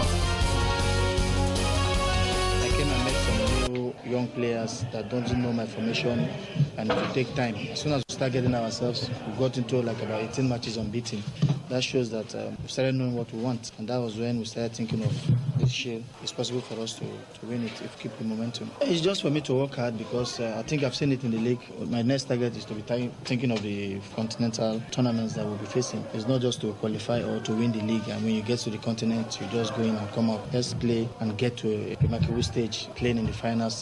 I some new young players that do not know my formation, and it will take time. As soon as we start getting ourselves, we got into like about 18 matches unbeaten. That shows that um, we started knowing what we want, and that was when we started thinking of this year it's possible for us to, to win it if we keep the momentum. It's just for me to work hard because uh, I think I've seen it in the league. My next target is to be t- thinking of the continental tournaments that we'll be facing. It's not just to qualify or to win the league, and when you get to the continent, you just go in and come up. just play and get to a remarkable stage, playing in the finals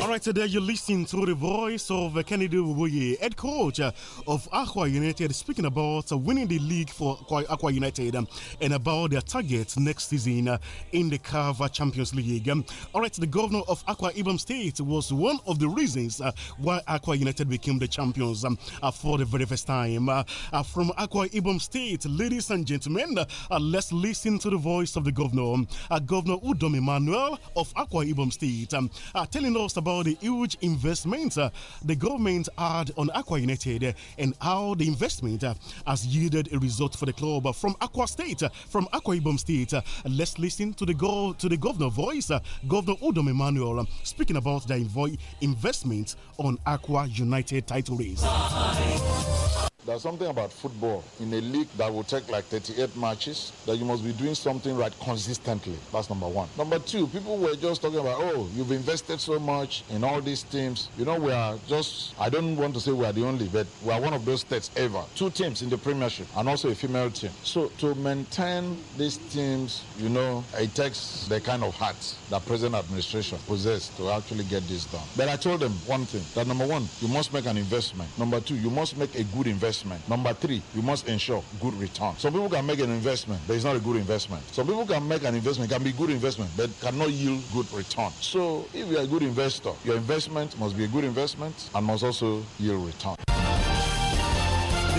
All right, today you listen to the voice of Kennedy Woye, head coach of Aqua United, speaking about winning the league for Aqua United and about their targets next season in the Carver Champions League. All right, the governor of Aqua Ibom State was one of the reasons why Aqua United became the champions uh, for the very first time. Uh, uh, from Aqua Ibom State, ladies and gentlemen, let's listen to the voice of the governor, Governor Udom Emmanuel of Aqua Ibom State. United, um, uh, telling us about the huge investment uh, the government had on Aqua United uh, and how the investment uh, has yielded a result for the club. from Aqua State, uh, from Aqua Ibom State, let's listen to the go to the governor voice, Governor Udom Emmanuel, um, speaking about the investment on Aqua United title race. There's something about football in a league that will take like 38 matches that you must be doing something right consistently. That's number one. Number two, people were just talking about, oh, you've invested so much in all these teams. You know, we are just, I don't want to say we are the only, but we are one of those states ever. Two teams in the Premiership and also a female team. So to maintain these teams, you know, it takes the kind of heart that present administration possesses to actually get this done. But I told them one thing that number one, you must make an investment. Number two, you must make a good investment investment. Number three, you must ensure good return. Some people can make an investment, but it's not a good investment. Some people can make an investment, can be good investment, but cannot yield good return. So if you're a good investor, your investment must be a good investment and must also yield return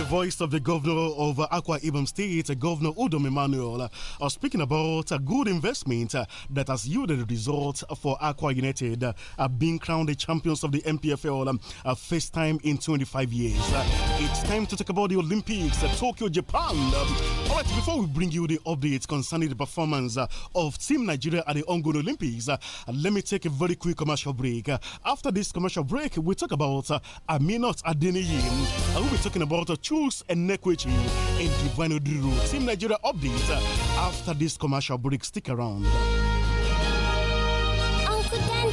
the voice of the governor of uh, Akwa Ibom State, uh, Governor Udom Emmanuel, uh, uh, speaking about a good investment that has yielded results for Aqua United uh, being crowned the champions of the MPFL um, uh, first time in 25 years. Uh, it's time to talk about the Olympics, Tokyo, Japan. Um, all right, before we bring you the updates concerning the performance of Team Nigeria at the ongoing Olympics, let me take a very quick commercial break. after this commercial break, we talk about uh, Aminot Adeniyi, and we'll be talking about uh, Shoes and Neckwechi in Divine Odiru. Team Nigeria update after this commercial break. Stick around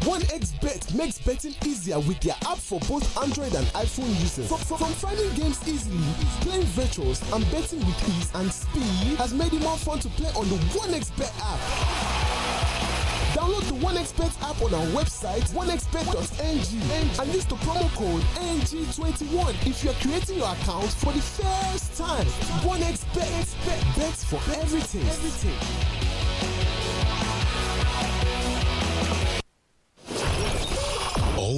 1xBet makes betting easier with their app for both Android and iPhone users. From, from, from, finding games easily, playing virtuals, and betting with ease and speed has made it more fun to play on the 1xBet app. Download the one Bet app on our website, 1xBet.ng, and use the promo code NG21 if you are creating your account for the first time. 1xBet, bets for everything. everything.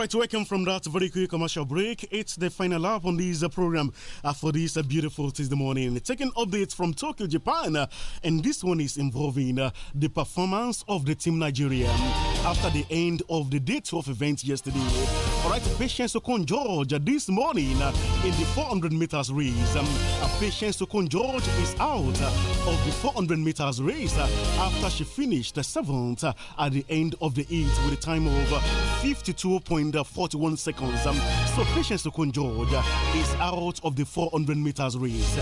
right, welcome from that very quick commercial break. It's the final lap on this uh, program uh, for this uh, beautiful Tuesday morning. Taking updates from Tokyo, Japan, uh, and this one is involving uh, the performance of the team Nigeria um, after the end of the day 12 event yesterday. All right, Patience Okon George uh, this morning in the 400 meters race. Um, Patience Okon George is out of the 400 meters race after she finished seventh at the end of the eight with a time of 52.9. Under 41 seconds. Um, so Patience conjure is out of the 400 meters race.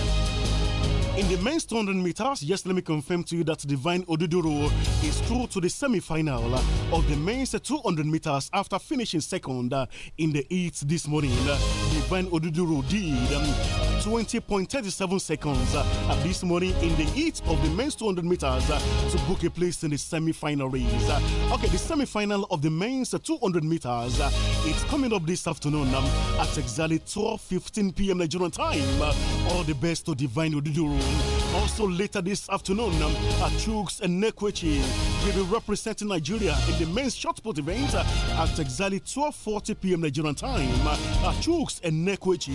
In the men's 200 meters, yes, let me confirm to you that Divine Oduduro is through to the semi final uh, of the men's 200 meters after finishing second uh, in the heat this morning. Uh, Divine Oduduro did. Um, 20.37 seconds this morning in the heat of the men's 200 meters to book a place in the semi-final race. okay, the semi-final of the men's 200 meters it's coming up this afternoon um, at exactly 12:15 p.m. Nigerian time. all the best to Divine Oduduro also later this afternoon, um, Atrux and Nekwechi will be representing Nigeria in the men's shot put event uh, at exactly 12:40 p.m. Nigerian time. Uh, Atrux and Nekwechi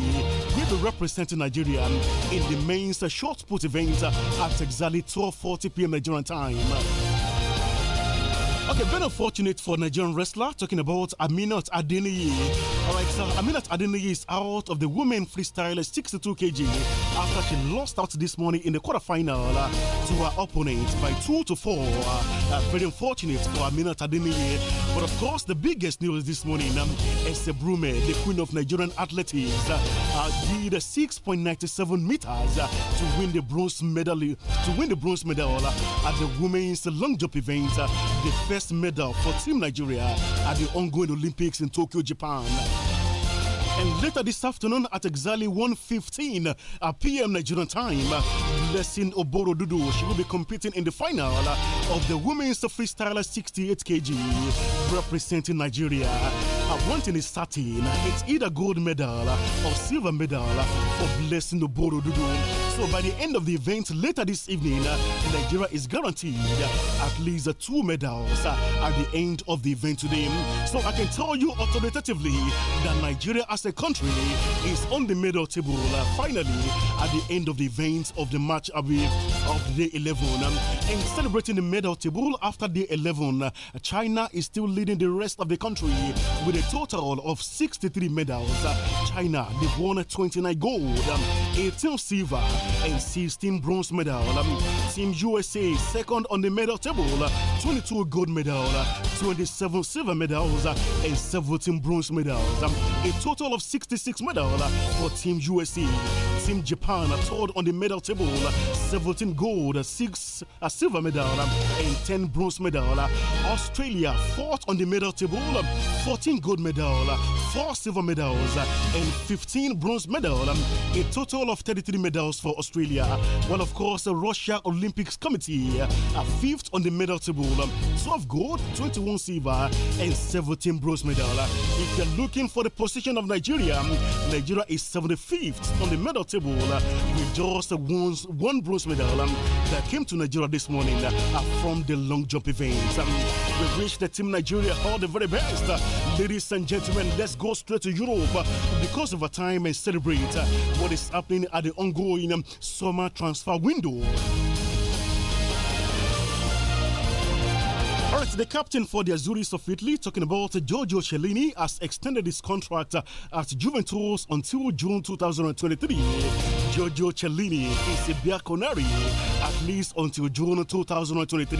will be representing Nigeria um, in the men's uh, shot put event at exactly 12:40 p.m. Nigerian time. Okay, very unfortunate for Nigerian wrestler. Talking about Aminat Adeniyi. All right, so Aminat Adeniyi is out of the women freestyle 62 kg after she lost out this morning in the quarterfinal uh, to her opponent by two to four. Uh, uh, very unfortunate for Aminat Adeniyi. But of course, the biggest news this morning: um, Esther Brume, the queen of Nigerian athletics, uh, did 6.97 meters uh, to win the bronze medal. To win the bronze medal uh, at the women's long jump event. Uh, first medal for Team Nigeria at the ongoing Olympics in Tokyo, Japan. And later this afternoon at exactly 1.15 p.m. Nigerian time, Blessing Oboro Dudu she will be competing in the final of the Women's Freestyler 68 kg representing Nigeria. One thing is certain, it's either gold medal or silver medal for Blessing Oboro Dudu. So by the end of the event later this evening, uh, Nigeria is guaranteed uh, at least uh, two medals at the end of the event today. So I can tell you authoritatively that Nigeria as a country is on the medal table finally at the end of the event of the match of day 11. Um, and celebrating the medal table after day 11, China is still leading the rest of the country with a total of 63 medals China. They've won 29 gold, um, 18 silver, and 16 bronze medal. Um, Team USA second on the medal table, uh, 22 gold medal, uh, 27 silver medals, uh, and 17 bronze medals. Um, a total of 66 medals uh, for Team USA. Team Japan third on the medal table 17 gold, 6 a silver medal, um, and 10 bronze medal. Australia fourth on the medal table um, 14 gold medal, uh, 4 silver medals, uh, and 15 bronze medal. Um, a total of 33 medals for Australia. While, of course, the Russia Olympics Committee uh, a fifth on the medal table 12 gold, 21 silver, and 17 bronze medal. If you're looking for the position of Nigeria, Nigeria is 75th on the medal table table with just one, one bronze medal um, that came to Nigeria this morning uh, uh, from the long jump event. Um, we wish the team Nigeria all the very best. Uh, ladies and gentlemen, let's go straight to Europe because of our time and celebrate what is happening at the ongoing um, summer transfer window. right, the captain for the Azuris of Italy, talking about Giorgio Cellini, has extended his contract at Juventus until June 2023. Giorgio Cellini is a Bianconeri at least until June 2023.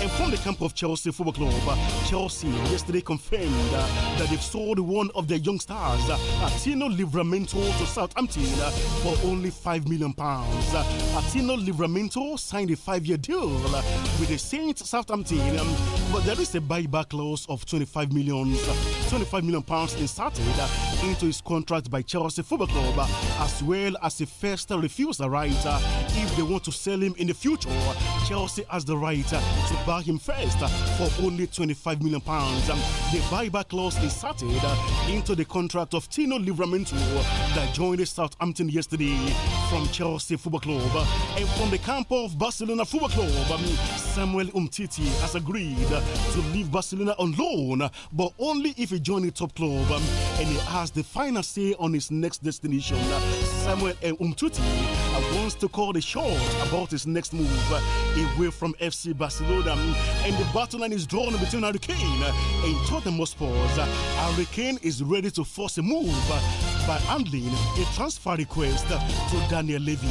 And from the camp of Chelsea Football Club, Chelsea yesterday confirmed that they've sold one of their young stars, Atino Livramento, to Southampton for only £5 million. Atino Livramento signed a five year deal with the Saints Southampton, but there is a buyback clause of 25 million, 25 million pounds inserted into his contract by Chelsea Football Club, as well as a fair first refuse the right if they want to sell him in the future. Chelsea has the right to buy him first for only 25 million pounds. Um, the buyback clause inserted into the contract of Tino Livramento that joined Southampton yesterday from Chelsea Football Club and from the camp of Barcelona Football Club. Um, Samuel Umtiti has agreed to leave Barcelona on loan, but only if he joins a top club um, and he has the final say on his next destination. Samuel Umtuti uh, wants to call the shot about his next move uh, away from FC Barcelona. And the battle line is drawn between Hurricane uh, and Tottenham Hotspur. Hurricane is ready to force a move by handling a transfer request to Daniel Levy.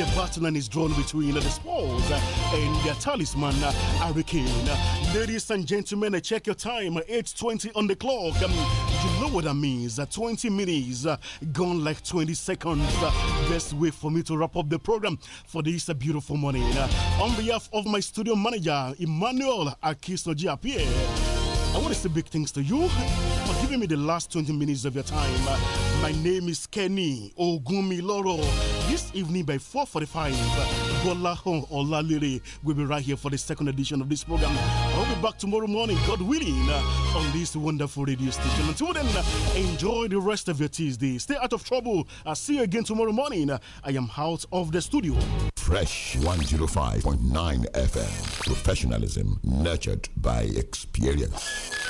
The battleline is drawn between the Spurs and their talisman, Kane. Ladies and gentlemen, check your time, 8.20 on the clock. Um, you know what that means, 20 minutes gone like 20 seconds. Best way for me to wrap up the program for this beautiful morning. On behalf of my studio manager, Emmanuel Akisnoji Pierre, Honestly, big thanks to you for giving me the last 20 minutes of your time. Uh, my name is Kenny Ogumiloro. This evening by 4.45, Bola Olalere will be right here for the second edition of this program. I'll be back tomorrow morning, God willing, uh, on this wonderful radio station. Until then, uh, enjoy the rest of your Tuesday. Stay out of trouble. I'll see you again tomorrow morning. I am out of the studio. Fresh 105.9 FM. Professionalism nurtured by experience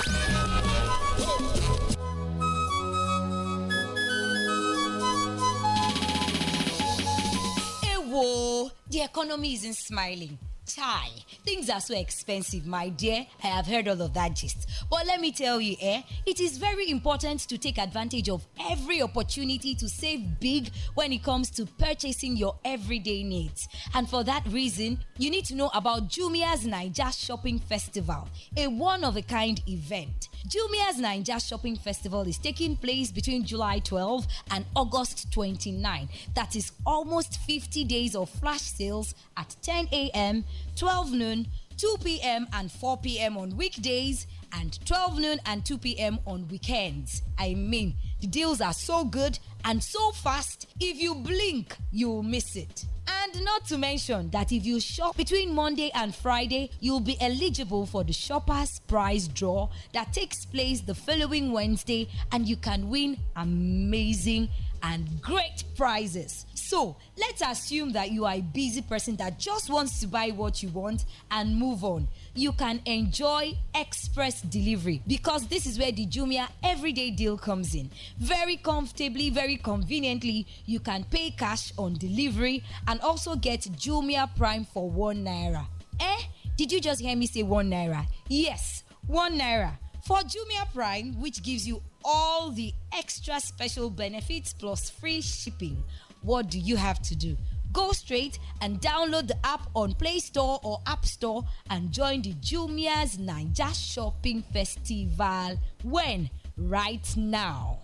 the economy isn't smiling. Chai, things are so expensive, my dear. I have heard all of that gist. But let me tell you, eh, it is very important to take advantage of every opportunity to save big when it comes to purchasing your everyday needs. And for that reason, you need to know about Jumia's Niger Shopping Festival, a one of a kind event. Jumia's Niger Shopping Festival is taking place between July 12 and August 29. That is almost 50 days of flash sales at 10 a.m. 12 noon, 2 p.m., and 4 p.m. on weekdays, and 12 noon and 2 p.m. on weekends. I mean, the deals are so good and so fast, if you blink, you'll miss it. And not to mention that if you shop between Monday and Friday, you'll be eligible for the Shoppers Prize Draw that takes place the following Wednesday, and you can win amazing and great prizes. So let's assume that you are a busy person that just wants to buy what you want and move on. You can enjoy express delivery because this is where the Jumia everyday deal comes in. Very comfortably, very conveniently, you can pay cash on delivery and also get Jumia Prime for one naira. Eh? Did you just hear me say one naira? Yes, one naira. For Jumia Prime, which gives you all the extra special benefits plus free shipping. What do you have to do? Go straight and download the app on Play Store or App Store and join the Jumia's Ninja Shopping Festival. When? Right now.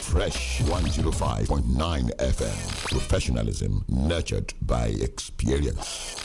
Fresh 105.9 FM. Professionalism nurtured by experience.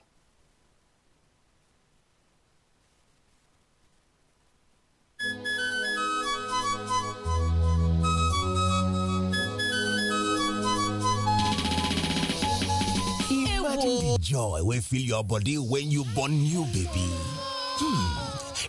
Imagine the joy will fill your body when you born new baby. Hmm.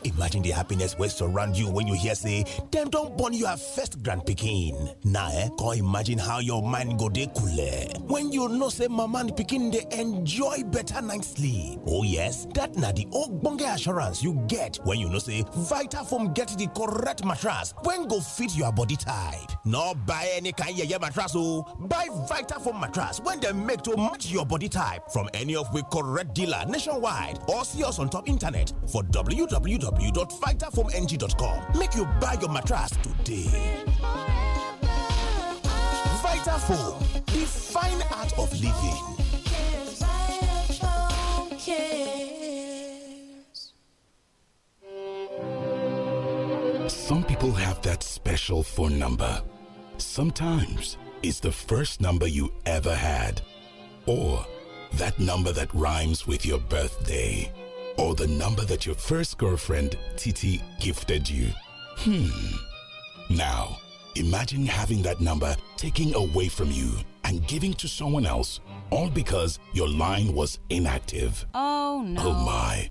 Imagine the happiness wey surround you when you hear say dem don born your first grand picking. Now, eh, come imagine how your mind go dey coole when you know say mama and picking, they enjoy better night sleep. Oh yes, that na the ogbonge assurance you get when you know say Vitafoam get the correct mattress when go fit your body type. No buy any kind yeye mattress oh, buy Vitafoam mattress when they make to match your body type from any of we correct dealer nationwide or see us on top internet for www www.vitafoamng.com. Make you buy your mattress today. Vitafoam, the fine art of living. Some people have that special phone number. Sometimes it's the first number you ever had, or that number that rhymes with your birthday or the number that your first girlfriend, Titi, gifted you. Hmm. Now, imagine having that number taken away from you and giving to someone else, all because your line was inactive. Oh no. Oh my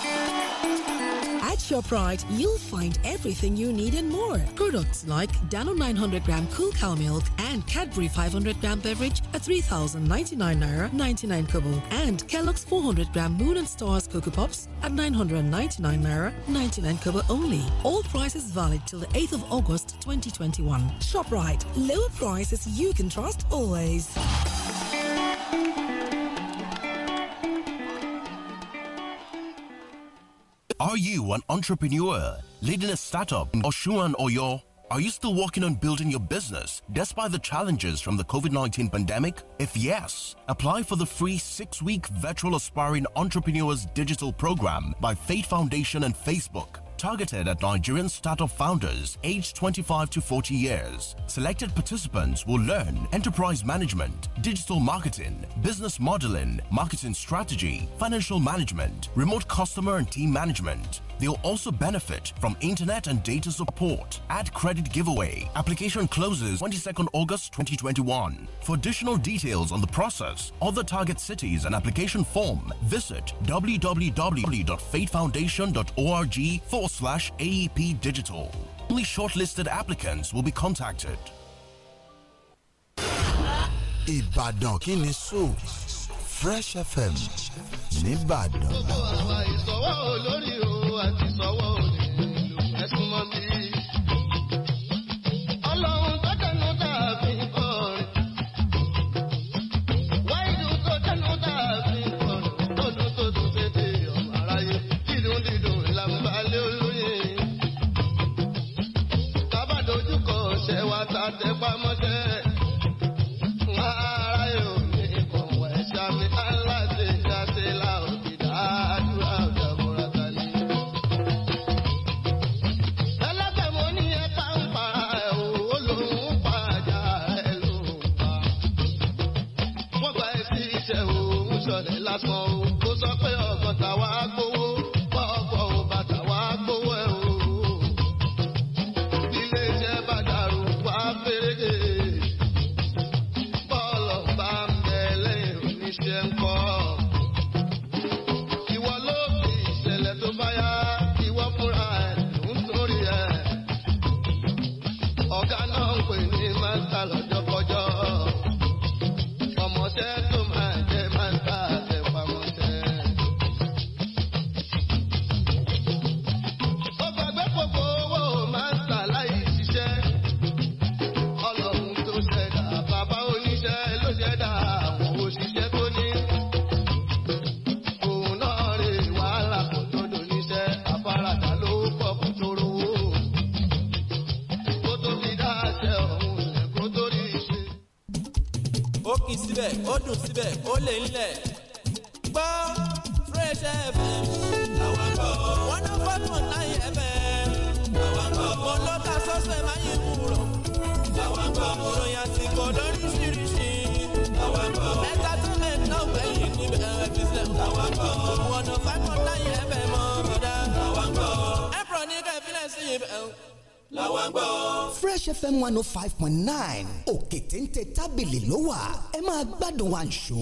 ShopRite, you'll find everything you need and more. Products like Danone 900 gram cool cow milk and Cadbury 500 gram beverage at 3,099 naira 99 kobo, and Kellogg's 400 gram Moon and Stars Cocoa Pops at 999 naira 99 kobo only. All prices valid till the 8th of August 2021. ShopRite, lower prices you can trust always. Are you an entrepreneur, leading a startup in Oshun or your? Are you still working on building your business despite the challenges from the COVID 19 pandemic? If yes, apply for the free six week virtual aspiring entrepreneurs digital program by Faith Foundation and Facebook targeted at Nigerian startup founders aged 25 to 40 years. Selected participants will learn enterprise management, digital marketing, business modeling, marketing strategy, financial management, remote customer and team management. They'll also benefit from internet and data support. Add credit giveaway. Application closes 22nd August 2021. For additional details on the process, other target cities and application form, visit www.fatefoundation.org forward slash AEP Digital. Only shortlisted applicants will be contacted. Ìbàdàn so Fresh FM nìbàdàn. one oh five point nine òkè téńté tábìlì ló wà ẹ máa gbádùn àǹṣó.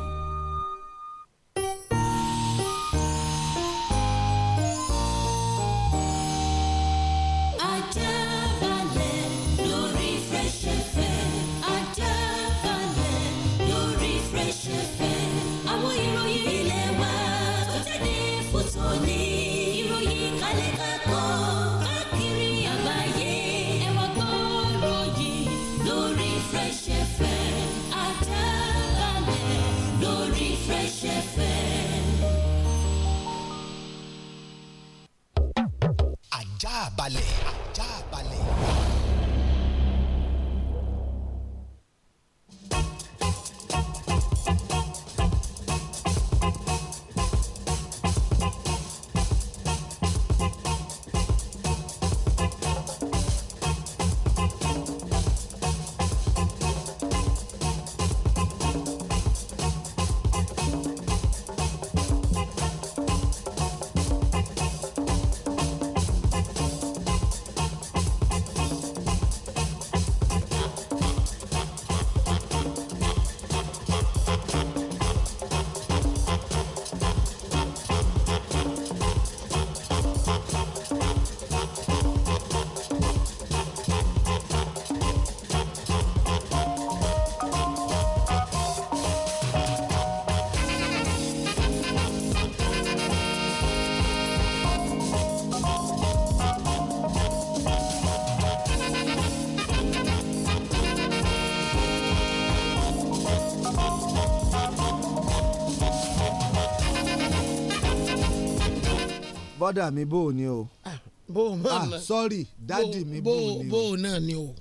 bọ́dà mi bò ní o. Ah, bò náà ah sorry dáàdì mi bò ní o. bò náà ni o.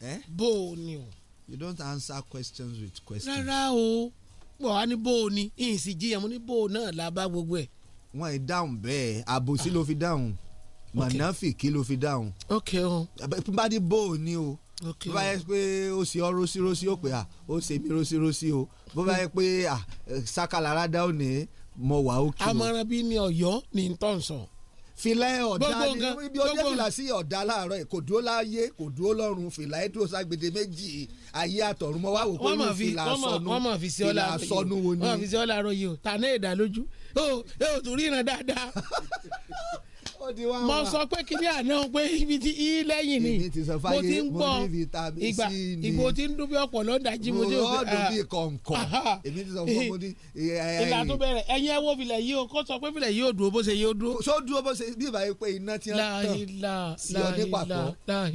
Eh? bò ni o. you don't answer questions with questions. rárá o pọ̀ á ní bò ní ìsìn jíyàn mo ní bò náà la bá gbogbo ẹ̀. wọ́n ì dáhùn bẹ́ẹ̀ àbòsí ló ah. fi dáhùn mọ̀nàfì kí ló fi dáhùn. ok o. bá ní bò ní o bó bá yẹ pé ó ṣe ọ rosírósí ó pè à ó ṣe mí rosírósí o bó yẹ pé à eh, sákàlára dá ò mo wà ó kí o. amọ̀ràn bíi ní ọ̀yọ́ ní ntọ́nsán fìlà ọ̀dà ni ibi ọjọ́ fìlà sí ọ̀dà láàárọ̀ kò dúró láàyè kò dúró lọ́rùn fìlà ẹ̀ dúró ságbèdè méjì ayé àtọ̀run mọ́ wá wò pé fìlà sọnù fìlà sọnù wo ni. wọ́n máa fi sí ọ́ láàárọ̀ yìí o tànà ẹ̀dá lójú ó ó torí ìran dáadáa mo sọ pé kí ni àná pé ibi tí i lẹ́yìn ni mo ti ń gbọ́ ìgbà ìgbà tí ń dúbí ọ̀pọ̀ ló ń dají mo ti ò fẹ́. kọ̀ǹkọ̀ èmi ti sọ fún mo ní. ìlà tó bẹ̀rẹ̀ ẹ̀yin ẹ̀ filẹ̀ yìí o kó sọ pé filẹ̀ yìí ò dúró bó ṣe yìí ó dúró. so dúró bó ṣe bí ìbá yìí pé iná ti ń tàn sí ọdẹ pàtó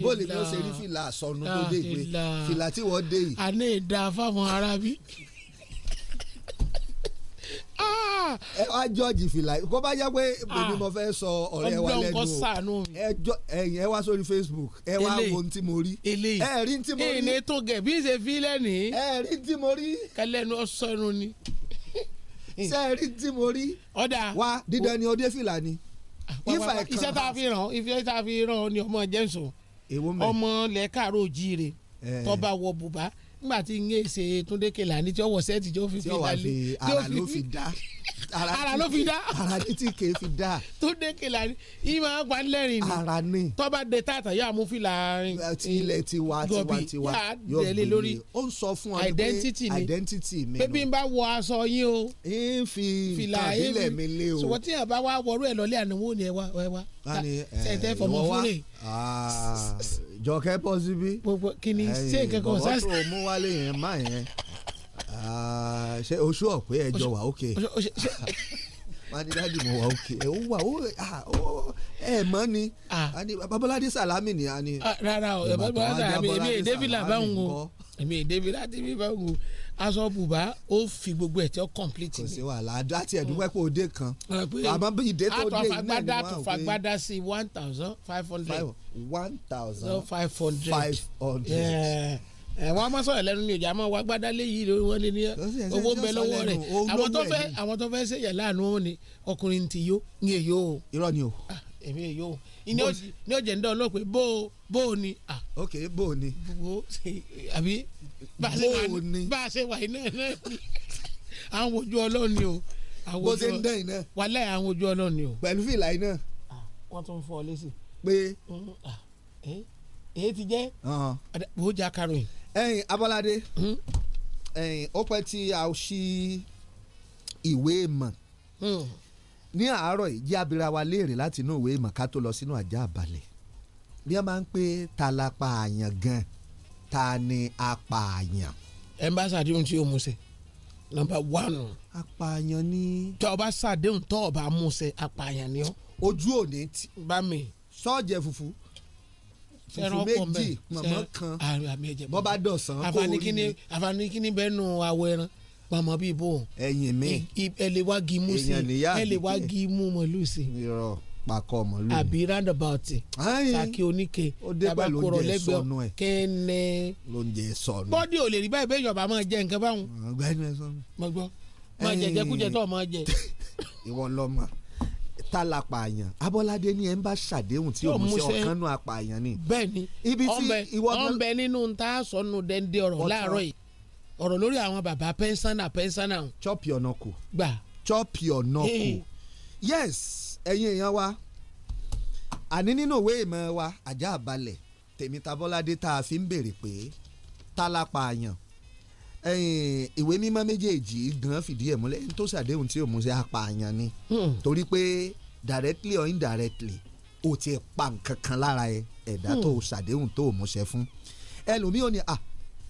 bóòlù ni ó ṣe rí fìlà àsọnù tó dé ìpè fìlà tí wọ́n dé yìí. àná ìdá ẹ wá jọ́ọ̀jì fìlà kó bá jẹ́ pé ah. èmi mo fẹ́ sọ ọ̀rẹ́ wa lẹ́nu o ẹ̀yìn ẹ wá sórí Facebook ẹ wá wo ohun tí mo rí ẹ rí tí mo rí èyí tó gẹ̀ bí ṣe fi lẹ́nì ẹ rí tí mo rí kẹlẹ́nu ọ̀sọ́ ẹnu ni. ṣé ẹ rí tí mo rí wá dídán ni ọdẹ fìlà ni. Ah, iṣẹ́ tá a fi ràn iṣẹ́ tá a fi ràn ni ọmọ jẹ́sùn ọmọ lẹ́kàrọ̀ òjíire eh. tó bá wọ bùbá nígbà tí ń ṣe Túndé Kèlání tí ọwọ́ sẹ́ẹ̀tì tí ó fi fi dalẹ̀ tí ó fi dá ara ló fi dá ara ní tí fi dá Túndé Kèlání yìí máa ń panilẹ́rìn ni ara ní tọ́ba de tààtà yóò amúfìlà ti ilẹ̀ tiwa tiwa tiwa yóò gbélé lórí ó ń sọ fún ọ pé identity mi pé bí n bá wọ aṣọ yín o fi kàbílẹ̀ mi sọ̀rọ̀ tí yàrá bá wà wọ̀rú ẹ̀ lọ́lẹ́ àná wò ni ẹ wá ẹ wá ṣe tẹ́ fọmọ fúnrẹ́ jọkẹ́ bọ́ síbí. gbogbo kìíní ṣé kankan sá. bọ̀bọ̀ tó mú wálé yẹn má yẹn ah, ṣe oṣù ọ̀pẹ ẹjọ́ wà ókè adidadi mo wa òkè ẹ wà ó ah, ẹ mọ ni ah. babalade salami ni a ni. rárá o babalade salami èmi èdè villa báwọn o èmi èdè villa ti o aṣọ bùbá ó fi gbogbo ẹ̀ tí ó complete ni. kò sí wàhálà láti ẹ̀dúnwẹ́ pé òde kan àmọ́ bí ìdè tó dé iná ni wọ́n á wé àtọ̀fagbádá sí one thousand five hundred. one thousand five hundred. five hundred wọ́n máa sọ̀rọ̀ lẹ́nu ní ìjà máa wá gbádá léyìí lórí wọ́n lé ní owó ń bẹ lọ́wọ́ rẹ̀ àwọn tó fẹ́ àwọn tó fẹ́ ṣèyà láàánú wọn ni ọkùnrin ti yó ní èyó o. irọ́ ni o. Ah, èmi èyó o ní ó jẹ́ ń dán ọlọ́pẹ́ bó o bó o ni. Ah. ok bó o ni. àbí bá a ṣe wà iná náà ni àwọn ojú ọlọ́run ni o bó ṣe ń dẹ́yìn náà wàlẹ́ àwọn ojú ọlọ́run ni o. pẹ̀lú fìlà iná. Ah, wọ́n tún fọ ọ lẹ́sìn. pé èyí mm, ah, eh, eh, ti jẹ́ bó jà karùn-ún. ẹyin Abọ́ládé hmm? ẹyin ó pẹ́ tí a ṣí ìwé ìmọ̀ hmm. ní àárọ̀ yìí jẹ́ abira wa léèrè láti inú ìwé ìmọ̀ ká tó lọ sínú àjà àbálẹ̀ bí wọ́n máa ń pè ta pa àyàn gan-an ta ni apààyàn. ẹ bá ṣàdéhùn tí yóò mú ṣẹ nọ́mbà wánù. apààyàn ni. tọ́ ọ bá ṣàdéhùn tọ́ ọ bá mú ṣẹ apààyàn ni ọ. ojú òní ti. bá mi. sọ́ọ̀jẹ̀ fufu fufu méjì mọ̀mọ́ kan bọ́ bá dọ̀sán kó o rí. àfanikini bẹ́ẹ̀ nu awọ ẹran pamọ́ bíi bò. ẹyin mi. ẹ lè wá gímú sí i ẹ lè wá gímú mọ̀lúùsì. irọ́ pàkọ́ mọ̀lú ni. àbí roundabout saki oníke tabakoro lẹ́gbẹ̀ẹ́ kẹ́nẹ́. ló ń jẹ sọnù. bọ́dì ò lè rí báyìí bẹ́ẹ̀ yọ̀bá máa jẹ nǹkan báwọn. gbẹ́nu ẹ sọnù. mo gbọ́ máa jẹ jẹkújẹ tó máa jẹ. ìwọ lọ́mọ tala pààyàn abọ́ládé ni ẹ ń bá ṣàdéhùn tí o mú sí ọ̀kanú apààyàn ni. bẹ́ẹ̀ni ọ̀nbẹ nínú ta sọnù dẹ́ndé ọ̀rọ̀ láàárọ̀ yìí ọ̀rọ̀ lórí àwọn bàbá pẹ́ńsánà pẹ́ńsánà. chop your knuckle. gbà chop your knuckle. yes ẹ̀yin èèyàn wa àní nínú ìwé ìmọ̀ wa àjà àbalẹ̀ tèmítabọ́ládé tá a fi ń béèrè pé ta la pààyàn ìwé mímọ́ méjèèjì gan fìdí ẹ̀ múlẹ̀ tó ṣàdéhùn tí òun ṣe apààyàn ni hmm. torí pé directly or indirectly o ti pa nǹkan kan lára ẹ ẹ̀dá hmm. tó ṣàdéhùn tó òun ṣe fún ẹlòmíì ò ní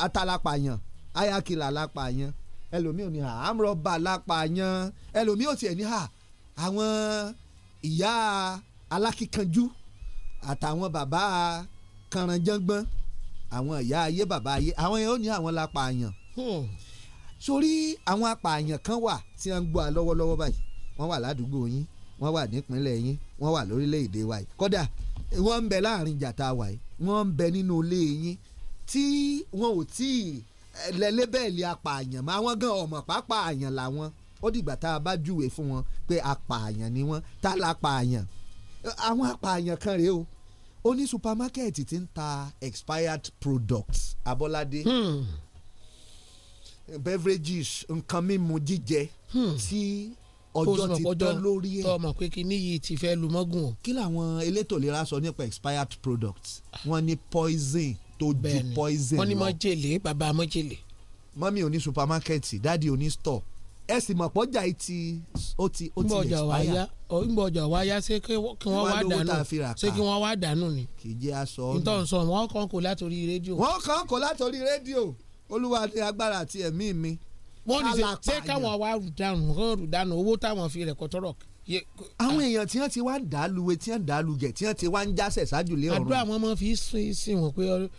atalapààyàn ayakila lápààyàn ẹlòmíì ò ní àmúrọ̀bà lápààyàn ẹlòmíì ò tiẹ̀ ní àwọn ìyá alákìkanjú àtàwọn bàbá kànrànjọ́ngbọ́n àwọn ìyá ayé bàbá ayé àwọn yẹn ó ní àwọn la pààyàn hmm. sórí àwọn apààyàn kan wà tí wọ́n ń gbọ́ lọ́wọ́lọ́wọ́ báyìí wọ́n wà ládùúgbò yín wọ́n wà nípínlẹ̀ yín wọ́n wà lórílẹ̀‐èdè wa yìí kódà wọ́n ń bẹ láàrin jàtà wa yìí wọ́n ń bẹ nínú ilé yín tí wọn ò tí ì eh, lẹ́lẹ́bẹ̀ẹ́lì apààyàn mọ́ àwọn gan ọmọ pàápàá àyàn làwọn ó dìgbà tá a bá júwe fún wọn pé apààyàn ni wọ́n tá a la pààyàn àwọn apààyàn kan rèé o ó ní supamakẹ́ẹ̀tì ń ta expired products Abọ́ládé hmm. beverages nǹkan mímu jíjẹ hmm. tí ọjọ́ ti tán lórí ẹ̀. tọmọ pé kíní yìí ti fẹ́ lu mọ́gùn o. kí làwọn elétò ìlera sọ nípa expired products wọ́n ní poison tó ju poison lọ. wọ́n ní mọ́jèlé bàbá mọ́jèlé. mọ́mí ò ní dáàdi ò store ẹ sì mọ̀ pọ́jà yìí ti ó ti ó ti expire. ńgbọ́ ọjà wa ya ṣé kí wọ́n wá dànù ṣé kí wọ́n wá dànù ni. kì í jẹ́ aṣọ ọ̀nà nítorí sọ wọ́n kàn kó látòrí rédíò. wọ́n kàn kó látòrí rédíò olúwa ní agbára àti ẹ̀mí mi. wọ́n ní ṣe káwọn wa rù dànù kán rù dànù owó táwọn fi rẹ̀ kọ́ àwọn ah. èèyàn tí wọ́n ti wá dàlúwe tí wọ́n dàlújẹ tí wọ́n ti wá ń jásẹ̀ ṣáájú lé ọ̀run. àdúrà wọn máa fi sìn sìn wọn pé ọlọ́ọ̀ni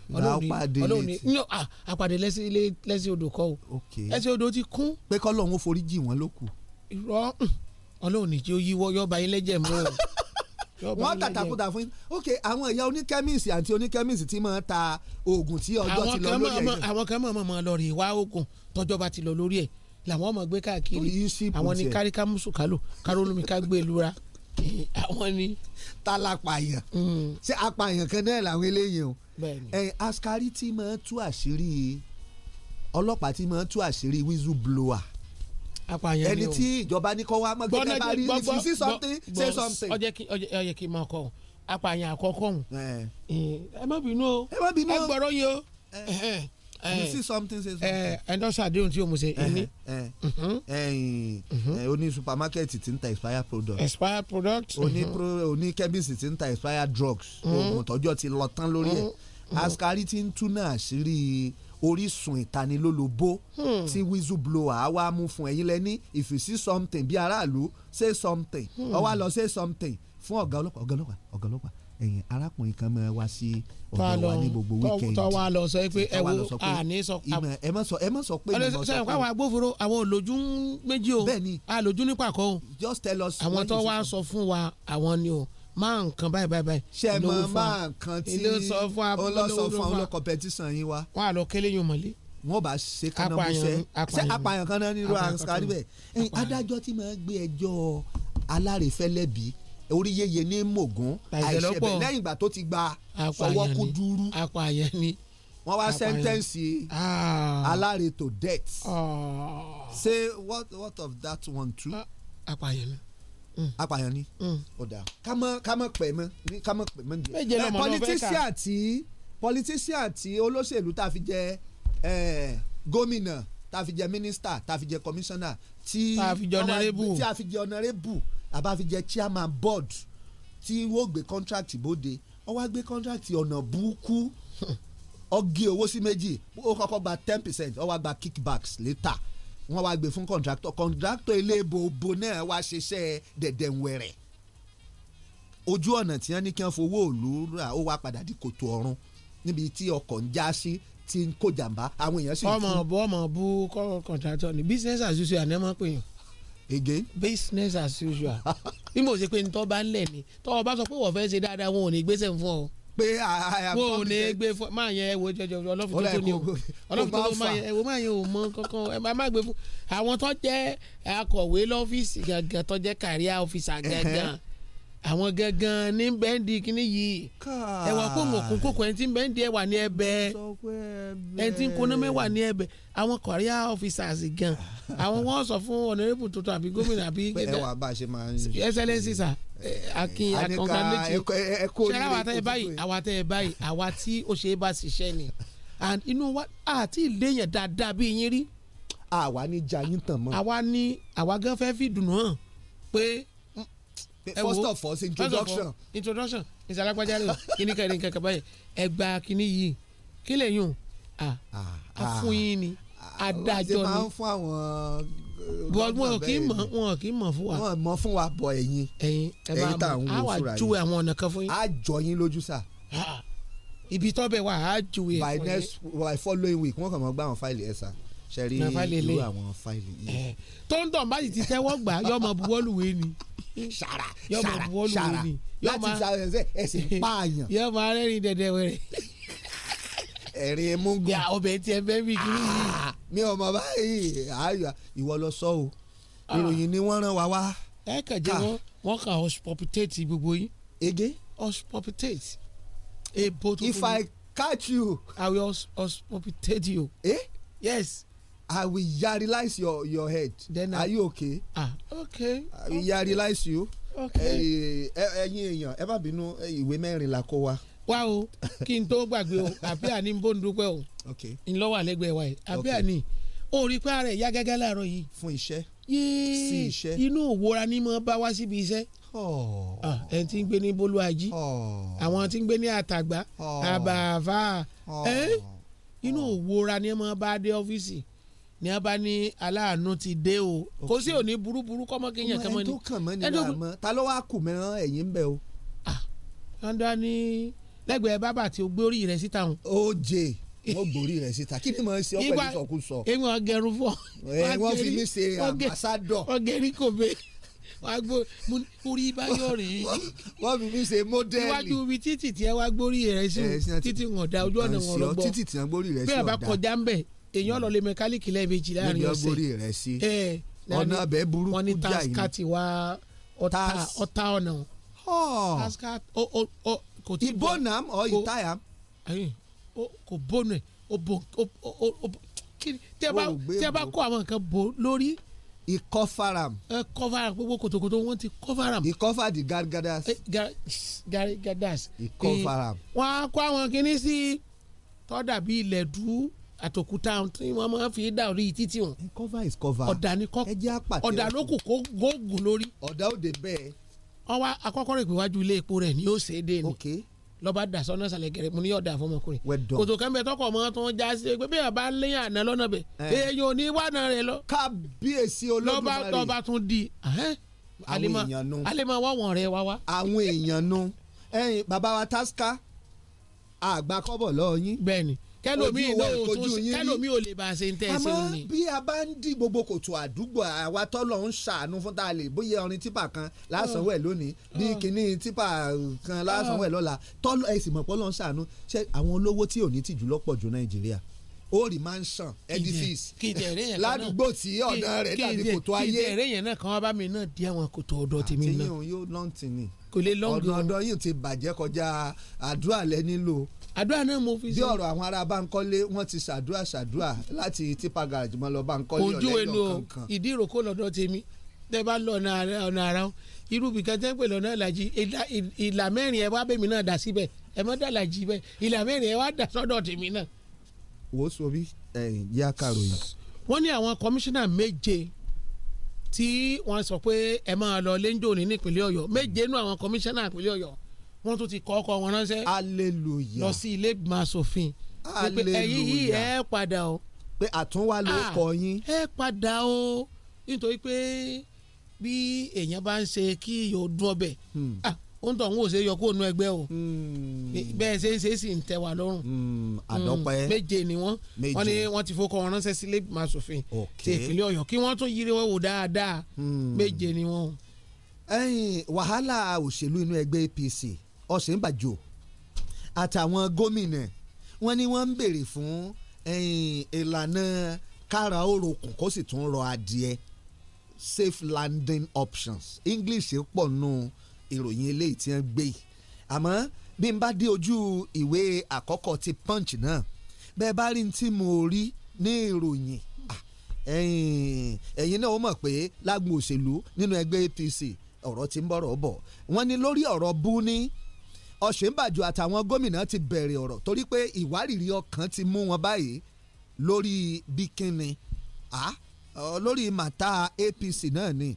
ọlọ́ọ̀ni àpàdé lẹ́sìn odò kọ́ o lẹ́sìn odò ti kún. pé kọ́ forí jì wọ́n ló irọ́ ọlọ́ọ̀ni tí ó yíwọ́ yọba ilé mọ́ o. wọ́n tàtàkùtà fún ok àwọn ìyá oníkẹ́mìsì àti oníkẹ́mìsì tí làwọn ọmọ gbé káàkiri àwọn ni káríkámùsù kálò kárólómi kágbé e lura àwọn ni. tálápàyàn hmm. ṣé apàyàn kan náà làwọn eléyìí o ẹyin askari tí máa tú àṣírí ọlọ́pàá tí máa tú àṣírí whistleblower apààyàn ni o ẹni tí ìjọba ní kọ́ wa mọ́ kí ẹ bá rí if you see something say something. ó yẹ kí n máa kọ ọ apààyàn àkọ́kọ́ ọ̀hún ẹ má bínú o ẹ gbọ́rọ̀ yìí o you eh. see something say something. ẹ ẹ ndọ́sà àdéhùn tí o mo ṣe ní. Eh, ẹyìn eh, mhm. mhm. oní supamakẹ́ẹ̀tì tí ń ta expired product. expired product. oní mhm. pro oní kẹ́bíìsì tí ń ta expired drugs. oògùn tọ́jọ́ ti lọ tán lórí ẹ̀. askari ti ń túnà àṣírí orísun ìtanilólobó hmm. tí whistleblower á wá mú fún ẹ̀yin lẹ́ni if you see something bí aráàlú say something hmm. ó wá say something fún ọ̀gá ọlọ́pàá ọ̀gá ọlọ́pàá ọ̀gá ọlọ́pàá ẹ̀yìn arákùnrin kan máa wá sí ọ̀dọ̀ wa ní gbogbo weekend tọ́ lọ sọ pé ẹ àní sọ ẹ mọ sọ ẹ mọ sọ pé ẹ sọ pé sọ káwọn agbófinró àwọn olójú méjì o bẹ́ẹ̀ni àlójú ní pàkọ́ o just tell us àwọn tó wá sọ fún wa àwọn ni o máa nǹkan báyìí báyìí báyìí. ṣe mọ máa nǹkan tí olóòsọ fún àwọn competition yín wa. wọn àlọ kẹlẹ yín mọlẹ. wọn bá ṣe kaná búṣẹ ṣe apààyàn kan náà nírú àǹkà níbẹ̀ adájọ́ tí máa gbé ẹjọ́ alárèéfẹ́lẹ́bí orí yeye ní mògún àìṣẹ̀bẹ̀ lẹ́yìn ìgbà tó ti gba fọwọ́kúndúrú apààyàn ni wọ́n wá sẹ́ńtẹ́ǹsì aláre to say what what of that one too. Ah, apààyàn ni mm. apààyàn ni ọ̀dà mm. kámọ́ kámọ́ pẹ̀ mọ́ kámọ́ pẹ̀ mọ́ díẹ̀ eh, politician tí politician tí olóṣèlú tá a fi jẹ eh, gómìnà tá a fi jẹ mínísítà tá a fi jẹ kọmíṣánná tí a fi jẹ ọ̀nàrẹ́bù àbá fi jẹ́ chairman board tí wọ́n gbé contract bóde wọ́n wá gbé contract ọ̀nà burúkú ọgé owó sí méjì ó kọ́kọ́ gba ten percent ó wá gba kickbacks later wọ́n wá gbé fún contractor contractor ilé ìbòbò náà wá ṣiṣẹ́ dẹ̀dẹ̀wẹ̀rẹ̀ ojú ọ̀nà tí wọ́n ní kí wọ́n fowó òlu rà ó wá padà di kòtò ọ̀run níbi tí ọkọ̀ ń já sí tí ń kó jàǹbá àwọn èèyàn sì. ọmọ bú ọmọ bú kọ́ contractor ni business as usual ni wọ́n pè yàn again. business as usual bí mo ṣe pé ntọ́ bá ń lẹ̀ ni tọ́ ọ bá sọ pé wọ́n fẹ́ ṣe dáadáa wọn ò ní gbéṣẹ́ fún ọ pé wọn ò ní gbé fún máa yẹn ẹwọ jọjọ ọlọ́fin tó ní o ọlọ́fin tó máa yẹn ẹwọ máa yẹn ò mọ kankan ẹ máa gbé fún àwọn tó jẹ́ akọ̀wé lọ́fíìsì gangan tó jẹ́ career officer gangan àwọn gangan ní bẹ́ńdì kínní yìí ẹ̀wà kóńgò kún kókò ẹni tí bẹ́ńdì ẹ̀wà ní ẹ̀bẹ̀ ẹni tí kóná mẹ́wà ní ẹ̀bẹ̀ àwọn kọ̀ríà officers gan àwọn wọ́n sọ fún ọ̀nàrẹ́bù tuntun àbí gómìnà àbí gẹ̀dẹ̀ ẹ̀wà bá a ṣe máa ń ṣe excellence sir akin akọ̀ǹkanlẹ́tì ṣẹlẹ̀ àwa tẹ́ ẹ báyìí àwa tẹ́ ẹ báyìí àwa tí ó ṣe é bá ṣiṣẹ́ ni and inú wa àti ìléyìn dáadáa bí yín rí. àwa ní jayín tàn mọ́. àwa ní àwa gan fẹ́ fi dùnú hàn pé first of all introduction. introduction ìsàlágbájá rẹ o kíní kẹrin kẹkẹ báyìí ẹ gba kíní yìí kí lè yùn à ah, ah, fún yín ni adájọ́ ah, ni. wọ́n ti máa ń fún àwọn. Uh, wọn kì í mọ̀ wọn kì í mọ̀ fún wa. wọn mọ̀ fún wa bọ̀ ẹ̀yin ẹ̀yin ẹ̀yin tá à ń wo fúra yìí. àwa ju àwọn ọ̀nà kan fún yín. a jọ yín lójú sà. ibi tọ́ bẹ̀ wá a ju yẹn fún yín. by next by following week wọ́n kàn mọ́ gbá àwọn fáìlì ẹ̀ sà sẹ́rí irú àwọn fáìlì yìí. tó ń dàn báyìí ti tẹ́wọ́ gbà yọ ọmọ buwọ́lùwé ni sara sara láti ṣe ẹsẹ̀ pààyàn. yọ ọmọ arẹ́rìn dẹ̀dẹ̀ wẹ̀rẹ̀. ẹ̀rín mú ọbẹ̀ tí ẹ bẹ́ bí kiri yìí. Ah, mi ò mọ̀ báyìí ayọ̀ ìwọ lọ sọ o ah. ìròyìn ni wọ́n rán wa wá. ẹ kàn jẹ́ ah. wọn wọn kà hospitate gbogbo yín. ege. hospitate. ebo tó kú. if i catch you. i will hospitate you. eh yes I will sterilize your your head. Then I, are you okay? Ah, okay. I will sterilize okay. you. Okay. Eh, eh, eh, ẹ̀yin èèyàn ẹ bá bínú ìwé mẹ́rin la kó wa. Wá o, kí n tó gbàgbé o, àbí àní ń bó ń dúpẹ́ o. Okay. Ń lọ́wọ́ àlẹ́gbẹ̀ẹ́ wa yìí, àbí àní. O rí pé ara ẹ̀ yá gẹ́gẹ́ láàárọ̀ yìí. Fún iṣẹ́. Yéé sí iṣẹ́. Inú òwúra ni mo bá wá síbi iṣẹ́ ah, ẹ ti ń gbé ní bolúwají àwọn ti ń gbé ní àtàgbà àbàfà inú òwúra ni ẹ bá dé ọ́fíìsì ní a bá ní aláàánú ti dé o kò sí òní burúburú kọ́mọ́ kéèyàn kẹ́mọ́ ni. ọmọ ẹ tó kàn mọ́ ni wàá mọ́ ta ló wá kù mẹ́rán ẹ̀yìn ń o. ah lọ́ndà ní lẹ́gbẹ̀ẹ́ bábà tí o gbé orí rẹ̀ síta hàn. ó jẹ́ wọ́n gbòrí rẹ̀ síta kí ni mo ṣe ọ̀pẹ̀ ìsọkúsọ. èmi wọn gẹrun fọ. ẹ wọn fi mí ṣe ambassadọ. ọgẹrí kò bẹ wàá gbó orí báyọ̀ rè é. wọ́n fi mí ṣe mọ́dẹ́lì. iwájú ibi títì tí ẹ wá gbórí rẹ̀ sí eh, títì wọn da ojú ọ̀nà eh, wọn lọ gbọ́. títì tí wọn gbórí rẹ̀ sí ọ̀dà. bí a kọjá ń bẹ̀ èèyàn hmm. lọ lè mẹkáníìkì lẹ́ẹ̀mejì láàrin ọ̀sẹ̀ níbi ọgbórí rẹ̀ sí ọ̀nà abẹ́ burúkú jáì ní. wọ́n ní taskati wa ọ̀tá ọ̀nà taskat kò tí bọ́ ìbónam ọ̀ ìtayam. kò bónú ẹ̀ o bò o kiri tí a bá kó àwọn nǹkan bò lórí. ikọ́ faram. ikọ́ faram gbogbo kòtòkòtò wọn ti kọ́ faram. ikọ́ fàdí gargadas. gargadas. ikọ́ faram. wọ́n á kó àwọn kinní sí tọ́dà bíi ilẹ̀ dúró àtòkúta tí wọ́n máa fi dà orí títì hàn. cover is cover ọ̀dà ni kọ́ ọ̀dà ló kù kó gògùn lórí. ọ̀dà òde bẹ́ẹ̀. ọwọ́ akọ́kọ́ rẹ̀ pé wájú ilé epo rẹ̀ ni yóò ṣe é dé ni. okay lọ́ba dà sọ́nà sàlẹ̀ gẹ̀rẹ́ mu ní ọ̀dà fọmọkùnrin kòtò kẹ́mbẹ́ tọkọ̀ mọ́ tó ń já sí pé bí ọba léyìn àná lọ́nà bẹ̀ eh. èyí ò ní wàna rẹ̀ lọ. kábíyèsí olódùmarè lọ́ba tọba kẹlòmíì náà ò tó kẹlòmíì ò lè bá a ṣe ń tẹ̀sí òun ni. àmọ́ bí a bá ń dì gbogbo kòtò àdúgbò àwa tọ́lọ̀ ń ṣàánú fún tá a lè bóyá ọrin típà kan lásánwó ẹ̀ lónìí mm. bí mm. kinní típà kan mm. lásánwó ẹ̀ lọ́la tọ́lọ̀ ẹ̀ sì mọ̀ pọ́lọ́ ń ṣàánú ṣé àwọn olówó tí ò ní tìjú lọ́pọ̀ jù Nàìjíríà orí mansion edifice ládùúgbò tí ọ̀nà rẹ̀ dàbí kòtò ayé. kìdì ẹ̀rẹ́ yẹn náà kan wá bá mi náà di àwọn kòtò ọ̀dọ̀ ah, tèmi náà. àtẹ̀yìn yóò lọ́ǹtì ni kò lè lọ́ǹgì ọ̀dọ̀ yìí ti bàjẹ́ kọjá àdúrà lẹ́ nílò àdúrà náà mo fi ṣe. bí ọ̀rọ̀ àwọn ará Bánkọ́lé wọ́n ti ṣàdúrà ṣàdúrà láti tipa garage mọ́ lọ Bánkọ́lé ọ̀lẹ́yọ̀ kankan. ìdí ìrókò lọ́dọ̀ tèmi tẹ́ bá lọ ọ̀nà ara irú bìkan tẹ́ pè lọ́nà ìlàjì ìlà mẹ́rin ẹ̀ wá bẹ́mi náà dà síbẹ̀ ẹ̀ mọ́ dàlàjì bẹ́ẹ̀ ìlà mẹ́rin ẹ̀ wá dà sọ́dọ̀ tèmi náà. wo so bí ẹ̀yìn yá karòyìn. wọ́n ní àwọn kọmíṣánná méje tí wọ́n sọ pé ẹ máa lọ lẹ́ńdò nípínlẹ̀ Ọ̀yọ́ méje nú àwọn kọmíṣánná ìpínlẹ̀ Ọ̀yọ́ wọ́n tún ti kọ ọkọ wọn ránṣẹ́. hallelujah lọ sí ilé ìgbìmọ̀ asòfin. hallelujah pé ẹ̀yin yìí ẹ padà o. pé àtúnwá ló ah, kọ yín. ẹ padà o nítorí pé bí èèyàn bá ń ṣe kí yóò dún ọbẹ̀ hmm. ah, ohun tó ń wò ṣe yọ kó nu ẹgbẹ́ o hmm. bẹ́ẹ̀ ṣe ń ṣe sì ń tẹ́ wa lọ́rùn hmm, àdọ́pẹ́ méje ni wọ́n wọ́n ní wọ́n ti fọkọ wọn ránṣẹ́ sílé ìgbìmọ̀ asòfin ti ìpínlẹ̀ ọ̀yọ́ kí wọ́n tún yiri wọ́n wò dáadáa méje ni wọ́n. ẹyin wàhálà òṣèlú inú ẹgbẹ́ APC Ọ̀sìnbàjò àtàwọn gómìnà wọ́n ní wọ́n ń béèrè fún ìlànà kára orokùn kó sì tún rọ adìẹ safe landing options English pọ̀ nù ìròyìn eléyìí tí wọ́n gbé yìí àmọ́ bí n bá dé ojú ìwé àkọ́kọ́ ti punch náà bẹ́ẹ̀ bá rí n tí mo rí ní ìròyìn ẹ̀yin náà ó mọ̀ pé lágbo òṣèlú nínú ẹgbẹ́ APC ọ̀rọ̀ tí ń bọ̀rọ̀ bọ̀ wọ́n ní lórí ọ̀rọ̀ bú ní. Ọ̀ṣínbàjò àtàwọn gómìnà ti bẹ̀rẹ̀ ọ̀rọ̀ torí pé ìwárìrì ọkàn ti mú wọn báyìí lórí bíkínni lórí màtá APC náà ni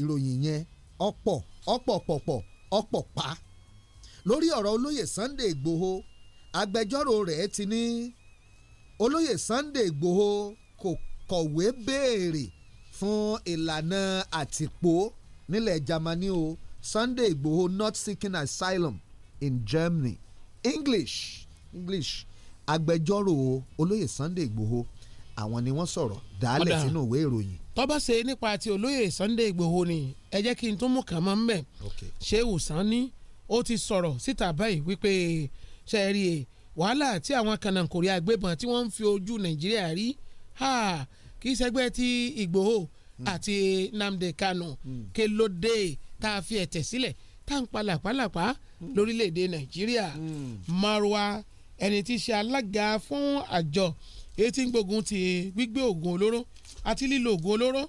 ìròyìn yẹn ọ̀pọ̀ ọ̀pọ̀ pọ̀pọ̀ ọ̀pọ̀ pa lórí ọ̀rọ̀ olóyè Sunday Igboho agbẹjọ́rò rẹ̀ ti ní olóyè Sunday Igboho kò kọ̀wé béèrè fún ìlànà àtìpó nílẹ̀ Jámánì o Sunday Igboho not seeking asylum in Germany English English agbẹjọ́rò olóyè Sunday Igboho àwọn ni wọ́n sọ̀rọ̀ dálẹ̀ sínú ìwé ìròyìn. tó bá ṣe nípa ti olóyè Sunday Igboho ni ẹ jẹ́ kí n tún mú kàn mọ́ mbẹ́ Shehu Sani ó ti sọ̀rọ̀ síta báyìí wípé ṣe rí e wàhálà tí àwọn kanàkùnrin àgbébọn tí wọ́n ń fi ojú Nàìjíríà rí kì í ṣẹgbẹ́ ti Igboho hmm. àti Nnamdi Kanu hmm. kí ló dé tá a fi ẹ̀tẹ̀ sílẹ̀ tàǹpa làpálàpá hmm. lórílẹ̀‐èdè nàìjíríà hmm. Marwa ẹni tí í ṣe alága fún àjọ etí ń gbógun ti gbígbé oògùn olóró àti lílo oògùn olóró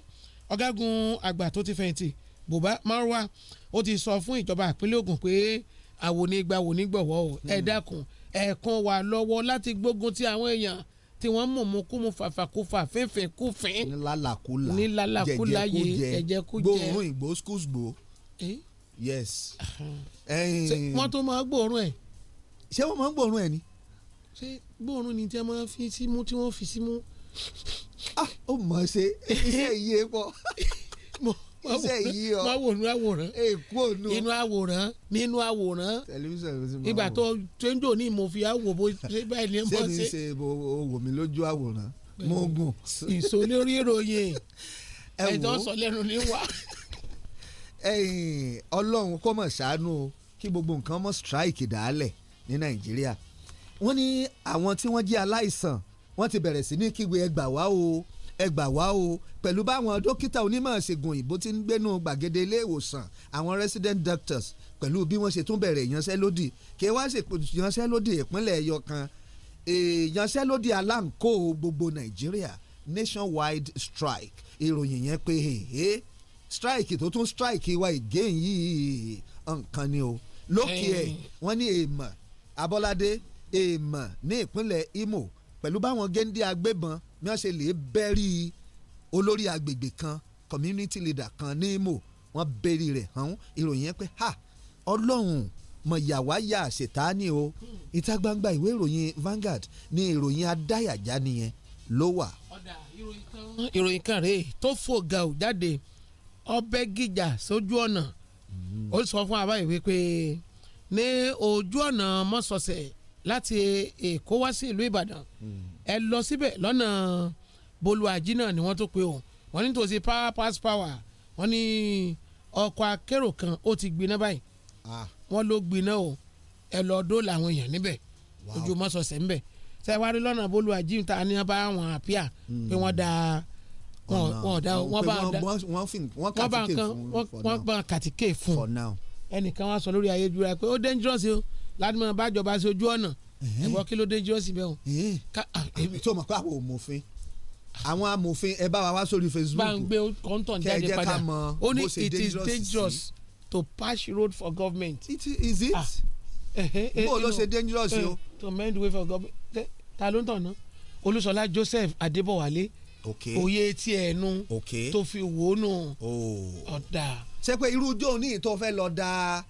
ọ̀gágun àgbà tó ti fẹ̀yìntì Buba Marwa ó ti sọ fún ìjọba ìpínlẹ̀ Ògùn pé àwònígba àwònígbọ̀wọ́ ẹ hmm. dákun ẹ kàn wá lọ́wọ́ láti gbógun ti àwọn èèyàn tí wọ́n mú mú kú mu fàfàkúfà fẹ́fẹ́ kúfẹ́. ní lálàkúlà ní lálàkúlà yìí jẹjẹkújẹ gbóòórùn ìgbó skúsgbó yes. Uh-huh. wọ́n tó máa gbóòórùn ẹ̀. ṣé wọ́n máa ń gbóòórùn ẹ̀ ni. ṣé gbóòórùn ni tí a máa fi símú tí wọ́n fi símú. ah ó mọ̀ ṣe iṣẹ́ yìí pọ̀ iṣẹ́ yìí ọ máa wò nínú àwòrán inú àwòrán nínú àwòrán ìgbà tó tẹ́ńjò ní mo fi àwò bó ṣe báyìí ní mọ́ ṣe. ṣé mi ṣe owó mi lójú àwòrán mo gùn. ìsọlórí ìròyìn ẹ̀dọ́ sọ lẹ́nu ní wa. ọlọ́run kó mọ̀ ṣàánú o kí gbogbo nǹkan mọ̀ strike dàálẹ̀ ní nàìjíríà wọ́n ní àwọn tí wọ́n jẹ́ aláìsàn wọ́n ti bẹ̀rẹ̀ sí ní kígbe ẹgbà wá o ẹgbà wá o pẹ̀lú báwọn dókítà onímọ̀ ṣègùn ìbò ti ń gbénu gbàgede ilé ìwòsàn àwọn resident doctors pẹ̀lú bí wọ́n ṣe tún bẹ̀rẹ̀ ìyanṣẹ́lódì kí wọ́n ṣe ìyanṣẹ́lódì ìpínlẹ̀ ẹ̀yọ kan ìyanṣẹ́lódì aláǹkó gbogbo nàìjíríà nationwide strike ìròyìn yẹn pé hèhè strike tó tún strike wa again yìí nǹkan ni o lókè ẹ̀ wọ́n ní èèmọ̀ abọ́ládé èèmọ̀ ní ìpínlẹ̀ Imo pẹ̀lú báwọn géńdé agbébọn ni wọ́n ṣe lè bẹ́rí olórí agbègbè kan community leader kan ní Imo wọ́n bẹ́rí rẹ̀ hàn ìròyìn yẹn pé ha ọlọ́run mọ̀ yàwá yà ṣètáni o ìta gbangba ìwé ìròyìn Vanguard ní ìròyìn adáyàjá nìyẹn ló wà. ọ̀dà ìròyìn kan rèé tó fò ga ò jáde ọbẹ̀ gíjà sójú ọ̀nà ó sọ fún abáyé wípé ní ojú ọ̀nà mọ́sọ̀sẹ̀ láti èkó wá sí ìlú ìbàdàn ẹ lọ síbẹ̀ lọ́nà bolúwàjì náà ni wọ́n tó pe òun wọ́n ní tòsí power pass power wọ́n ní ọkọ̀ akérò kan ó ti gbiná báyìí ah. wọ́n ló gbiná o ẹ lọ dóòlà àwọn èèyàn níbẹ̀ ojú mọ́sọ̀sẹ̀ ńbẹ̀ ṣe wá rí lọ́nà bolúwàjì ta ni wọ́n bá wọn àpíà hmm. pé wọ́n da wọn ọ̀dà wọn bá wọn bá kàtíkè fún ẹnìkan wá sọ lórí ayélujára pé ó dangerous o ládùmọ̀ bájọba sí ojú ọ̀nà ẹ̀gbọ́n kí ló dangerous bẹ́ẹ̀ o. tó mọ̀ pé àwọn òmòfin àwọn amòfin ẹ bá wa wá sórí Facebook bá ń jáde padà ó ní it is dangerous to pass road for government. it is it. Ah, bó ló ṣe dangerous eh, o. to mend way for government ta ló ń tọ̀ ná Olúṣọlá Joseph Adébọ̀wálé òye tí ẹ nu tó fi wò ó nù ọ̀dà. ṣé pé irú ojú òní tó fẹ́ lọ da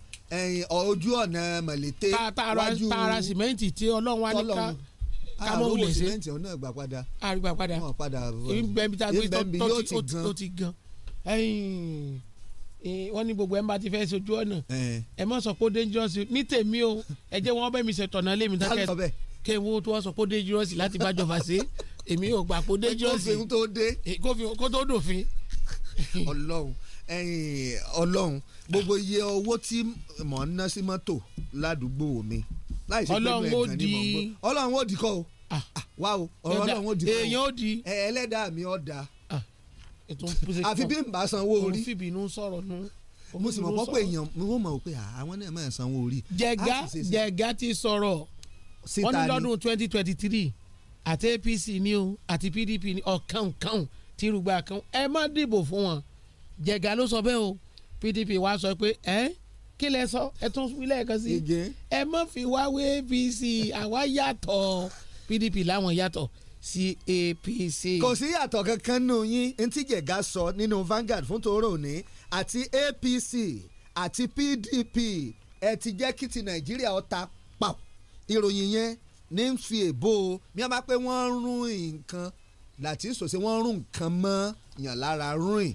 ojú ọ̀nà mọ̀lété wájú tààrà sìmẹ́ǹtì tí ọlọ́run wá ní ká ah, kámọ́ wulẹ̀ sí. sìmẹ́ǹtì ọ̀nà ìgbà padà. àrùgbà padà ìbẹ̀mí tá a gbé tó ti gan. wọ́n ní gbogbo ẹ̀ ń bá ti fẹ́ sojú ọ̀nà ẹ̀ mọ̀ sọ pé ó dangerous ní tèmi o ẹ jẹ́ wọ́n bẹ́ mi ṣètọ̀nà lé mi tán kẹ́ ẹ wo tó wọ́n sọ pé ó dangerous láti bá jọba ṣe é èmi ò gbà kó dé jọ́sìn kó fi tó dé eh, kó tó dòfin. ọlọ́run ẹ̀yin ọlọ́run gbogbo iye owó tí mò ń ná sí mọ́tò ládùúgbò mi láì ṣe pé bẹ́ẹ̀ kan ni mò ń gbọ́ ọlọ́run ó di kọ́ o ah. Ah, wá o ọlọ́run ó di kọ́ o èèyàn ó di ẹlẹ́dàá mi ó da ah, àfi bí n bá sanwó orí òun fìbínú sọ̀rọ̀ nù mo sì mọ̀ pọ́ pé èèyàn mo mọ̀ pé àwọn náà máa sanwó orí. jẹ̀gá jẹ̀gá ti sọ̀rọ̀ wọ́n ní lọ́dún twenty twenty three àti APC ni o àti PDP ni ọ̀kànkàn tí rúgbà kan ẹ má dìbò fún wọn jẹ̀gà ló sọ bẹ́ẹ̀ o PDP wa sọ pé ẹ́ kí lẹ sọ ẹ tún wílẹ̀ kan sí ẹ má fi wá wé APC àwa yàtọ̀ PDP láwọn yàtọ̀ sí APC. kò sí yàtọ̀ kankan nù yín ntí jẹ̀gà sọ nínú Vanguard fún tòórọ́ òní àti APC àti PDP ẹ ti jẹ́ kí ti Nàìjíríà ọ̀ta pàù ìròyìn yẹn ní ń fi èbó mi máa pé wọ́n ń rún nǹkan láti sòsè wọ́n ń rún nǹkan mọ́ yàn lára rún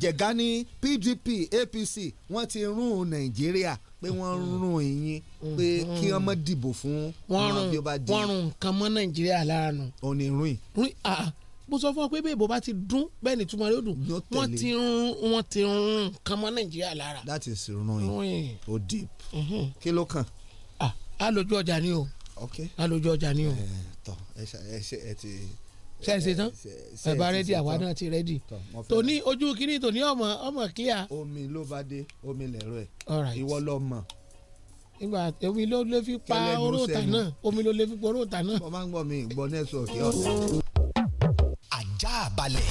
jẹ̀gá ní PDP APC wọ́n ti rún Nàìjíríà pé wọ́n mm-hmm. rún ìyín pé kí wọ́n mọ̀ mm-hmm. dìbò fún wọn bí ó bá di. wọ́n rún nǹkan mọ́ Nàìjíríà lára nù. òun ni rún yìí. rún yìí mo sọ fún ọ pé bí èbó bá ti dún bẹ́ẹ̀ ni túmọ̀ rẹ̀ dùn wọ́n ti rún wọ́n ti rún nǹkan mọ́ Nàìjíríà lára. that is rún yìí o deep mm-hmm. kí ló kàn. Ah, lójú ọjà ni o lálójú ọjà ni o. Eh, ṣe ṣe tán ẹ bá rẹ́dí àwa náà ti rẹ́dí tòní ojú kínní tòní ọmọ ọmọ clear. omi ló bá dé omi lẹ̀rọ ẹ̀ ìwọ lọ mọ̀ nígbà omi ló lè fi pa oróòtà náà omi ló lè fi pa oróòtà náà. mo máa ń gbọ́ mi ìgbọ́ nẹ́tíwọ̀kì ọ̀sán. ajá balẹ̀.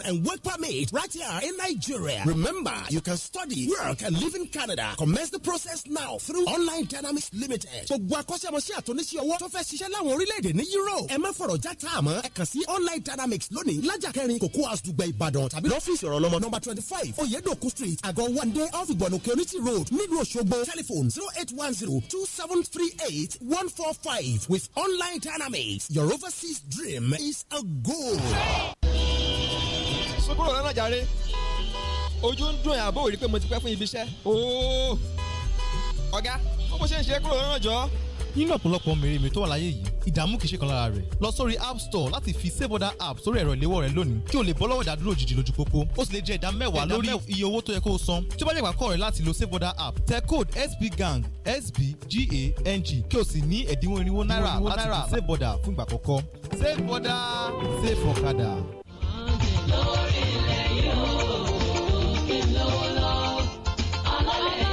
education and work permit right here in Nigeria. Remember, you can study, work, and live in Canada. Commence the process now through Online Dynamics Limited. So Gbogbo akọ́ṣẹ́mọṣẹ́ àtúnṣe ọwọ́ tó fẹ́ ṣiṣẹ́ láwọn ní Europe. Ẹ má fọ̀rọ̀ já a mọ́. I can sí Online Dynamics Learning. lájà kẹrin Cocoa House Dùgbẹ̀ Ìbàdàn tàbí Office ọ̀rọ̀ lọ́mọ number twenty five Oyedoku street I go one day off Ìgbọ̀nù Community road nílùú Showbo. telephone zero eight one zero two seven three eight one four five with Online Dynamics your overseas dream is a goal. sún kúrò lọ́nà jàre ojú ń dùn àbó òrí pé mo ti pẹ́ fún ibi iṣẹ́ ooo ọ̀gá ó bó ṣe ń ṣe kúrò lọ́nà jọ. nínú ọ̀pọ̀lọpọ̀ mèremère tó wà láyé yìí ìdààmú kìí ṣe kan lára rẹ̀ lọ sórí app store láti fi saveoda app sórí ẹ̀rọ ìléwọ́ rẹ lónìí kí o lè bọ́ lọ́wọ́ ìdádúró òjijì lójú pópó ó sì lè jẹ́ ìdá mẹ́wàá lórí iye owó tó yẹ kó o san tí ó bá jẹ́ ìpàkọ́ rẹ láti lo saveoda app tẹ code sbgang sbgang kí o sì ní ẹ̀dínwó irinwó náírà láti fi saveoda fún ìgbà àkọ́kọ́ saveoda save ọ̀kadà lórílẹ̀ yóò kí n lówó lọ aláìlẹ́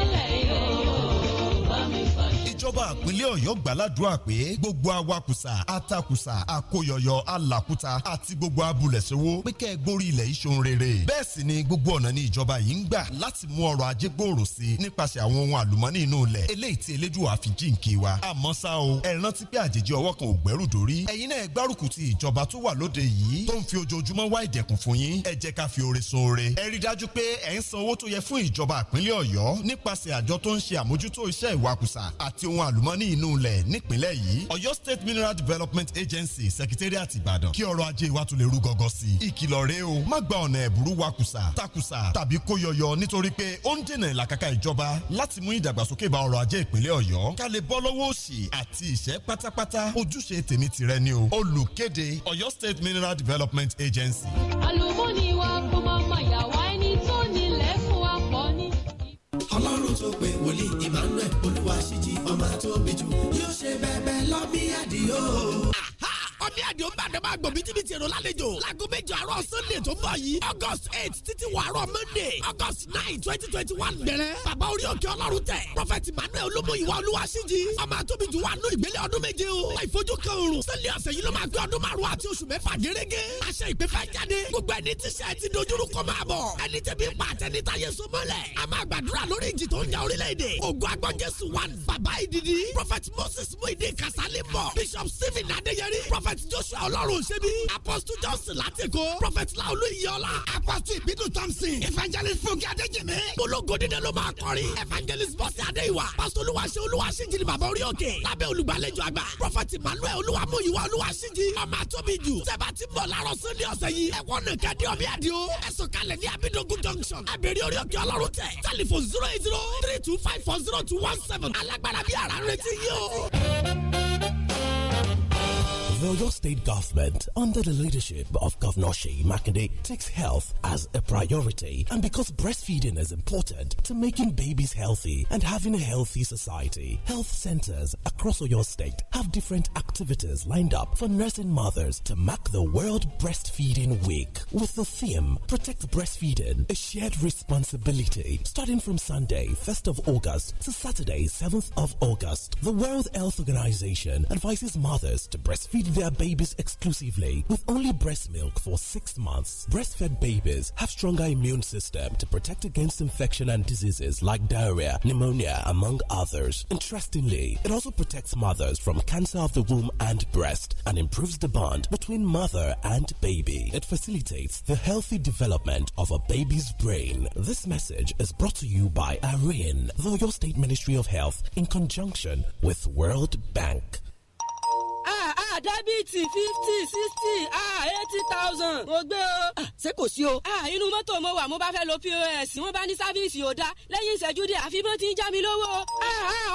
ìjọba àpínlẹ̀ ọ̀yọ́ gbàládùá pé gbogbo awakùsà atakùsà àkóyọyọ alàkúta àti gbogbo abulẹ̀sowó pé kẹ́ ẹ gbórí ilẹ̀ ìṣòro rere bẹ́ẹ̀ sì ni gbogbo ọ̀nà ni ìjọba yìí ń gbà láti mú ọrọ̀ ajé gbòòrò sí i nípasẹ̀ àwọn ohun àlùmọ́nì inú ilẹ̀ eléyìí tí elédùà fi jíǹkì wa àmọ́ ṣá o ẹ rántí pé àjèjì ọwọ́ kan ò gbẹ́rù dórí ẹ̀yin náà gbárùkù ti ìjọba tó wà lóde yìí tó ń fi ojoojúmọ́ wá ìdẹ̀kùn fún yín ẹ ohun àlùmọ́nì inú ilẹ̀ nípínlẹ̀ yìí Ọ̀yọ́ State Mineral Development Agency Secretariat Ìbàdàn kí ọrọ̀ ajé wa tún lè rú gọ́gọ́ sí i ìkìlọ̀ rèé o má gba ọ̀nà ẹ̀bùrú wakùsà takùsà tàbí kó yọyọ nítorí pé ó ń dènà ìlàkàkà ìjọba láti mú ìdàgbàsókè bá ọrọ̀ ajé ìpínlẹ̀ Ọ̀yọ́ ká lè bọ́ lọ́wọ́ òṣì àti ìṣẹ́ pátápátá ojúṣe tèmi tìrẹ ni o olùkéde Ọ̀yọ́ State Mineral Development Agency. àlùmọ́nì wa kò máa ma yà wá ẹni tó nílẹ̀ fún pe wòlíì ìmánu yóò. ní àdéhùn bàdé máa gbọ̀ bíjìbìtì èrò lálejò láago méjì àárọ̀ sunday tó ń bọ̀ yìí august eight títí wàárọ̀ monday august nine twenty twenty one bẹ̀rẹ̀ bàbá orí òkè ọlọ́run tẹ̀ prọfẹ̀tì manuel olómọyìwá olúwaṣíjì ọmọ àtòbìjú wa nú ìgbélé ọdún méje o ìfojú kan òrùn sunday ọ̀sẹ̀ yìí ló máa gbé ọdún márùn àti oṣù mẹ́fà gẹ́gẹ́ aṣẹ ìpè fẹ́ jáde gbogbo ẹni tí sẹ́ ti dojúrú kọ́ máa bọ̀ ẹni tẹ́bi pa àtẹnita yẹsọ mọ́lẹ̀ a máa gbàdúrà lórí ìjì tó ń ja orílẹ̀-èdè ògùn agbọ́njẹ́sù one bàbá ìdìdí prophet moses muhidi kasali mọ̀ bishop stephen adéyẹrí prophet joshua ọlọ́run ṣẹ́bi apostle johnson látìkó prophet laolu iyọ́lá apostle ìbídùn thompson evangelist fúnkẹ́ adéjìmí ológo dídé ló máa kọrin evangelist bọ́sẹ̀ adéìwà pastor olúwaṣẹ́ olúwaṣíjì bàbá orí òkè lábẹ́ olùgbàlejò àgbà prophet emmanuel olúwamúyíwá olúwaṣíjì ọmọ àtọ́bí jù sẹ́bà ti bọ̀ láàárọ̀ sunday ọ̀sẹ̀ yìí ẹ̀wọ̀n nìkan dé ọ̀bí àdìo ẹ̀sùn kalẹ̀ ní abidogun junction abèrè orí òkè ọlọ́run tẹ̀ tẹlifon zero eight zero three two five four zero two one seven alágbára bí ara ń retí yìí o. The State government, under the leadership of Governor Sheyi Makinde, takes health as a priority. And because breastfeeding is important to making babies healthy and having a healthy society, health centers across Oyo State have different activities lined up for nursing mothers to mark the World Breastfeeding Week with the theme Protect Breastfeeding, a shared responsibility. Starting from Sunday, 1st of August to Saturday, 7th of August, the World Health Organization advises mothers to breastfeed their babies exclusively with only breast milk for six months. Breastfed babies have stronger immune system to protect against infection and diseases like diarrhea, pneumonia, among others. Interestingly, it also protects mothers from cancer of the womb and breast and improves the bond between mother and baby. It facilitates the healthy development of a baby's brain. This message is brought to you by Irene, the Your State Ministry of Health, in conjunction with World Bank. dẹ́bìtì fifty sixty ah, eighty thousand mo gbé o. Ah, ṣé kò sí o. Ah, inú mọ́tò mo wà mo bá fẹ́ lo pos wọ́n bá ní sáfíìsì ò dáa lẹ́yìn ìṣẹ́jú díẹ̀ àfi mọ́ ti ń já mi lówó.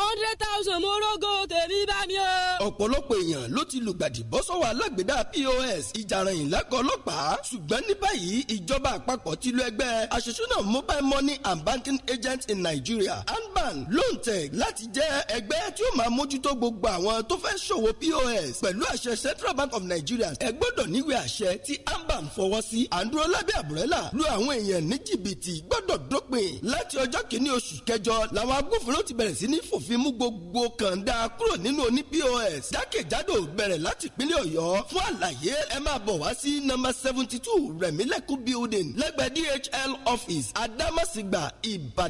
hundred thousand mo rógó tèmi bá mi o. ọ̀pọ̀lọpọ̀ èèyàn ló ti lùgbàdì bọ́ sọ́wọ́ alágbèdá pos ìjàràyìn lákọ̀ ọlọ́pàá ṣùgbọ́n ní báyìí ìjọba àpapọ̀ ti lu ẹgbẹ́ Association of Mobile Money and Banking Agents in Nigeria anban lóǹtẹ̀ láti jẹ́ ẹgbẹ́ tí ó máa mójútó gbogbo àwọn tó fẹ́ ṣòwò pos pẹ̀lú aláṣẹ Central Bank of Nigeria ẹ gbọ́dọ̀ níwèé àṣẹ tí anban fọwọ́ sí àdúró lábẹ́ àbúrẹ́là lu àwọn èèyàn ní jìbìtì gbọ́dọ̀ dópin láti ọjọ́ kìíní oṣù kẹjọ làwọn agbófinró ti bẹ̀rẹ̀ sí ní fòfin mú gbogbo kànńdá kúrò nínú oní POS jákèjádò bẹ̀rẹ̀ láti ìpínlẹ̀ Ọ̀yọ́ fún àlàyé ẹ máa bọ̀ wá sí nọ́mbà seventy two Rẹ̀mílẹ́kùn building lẹ́gbẹ̀ẹ́ DHL office Adamasingba Ìbàdàn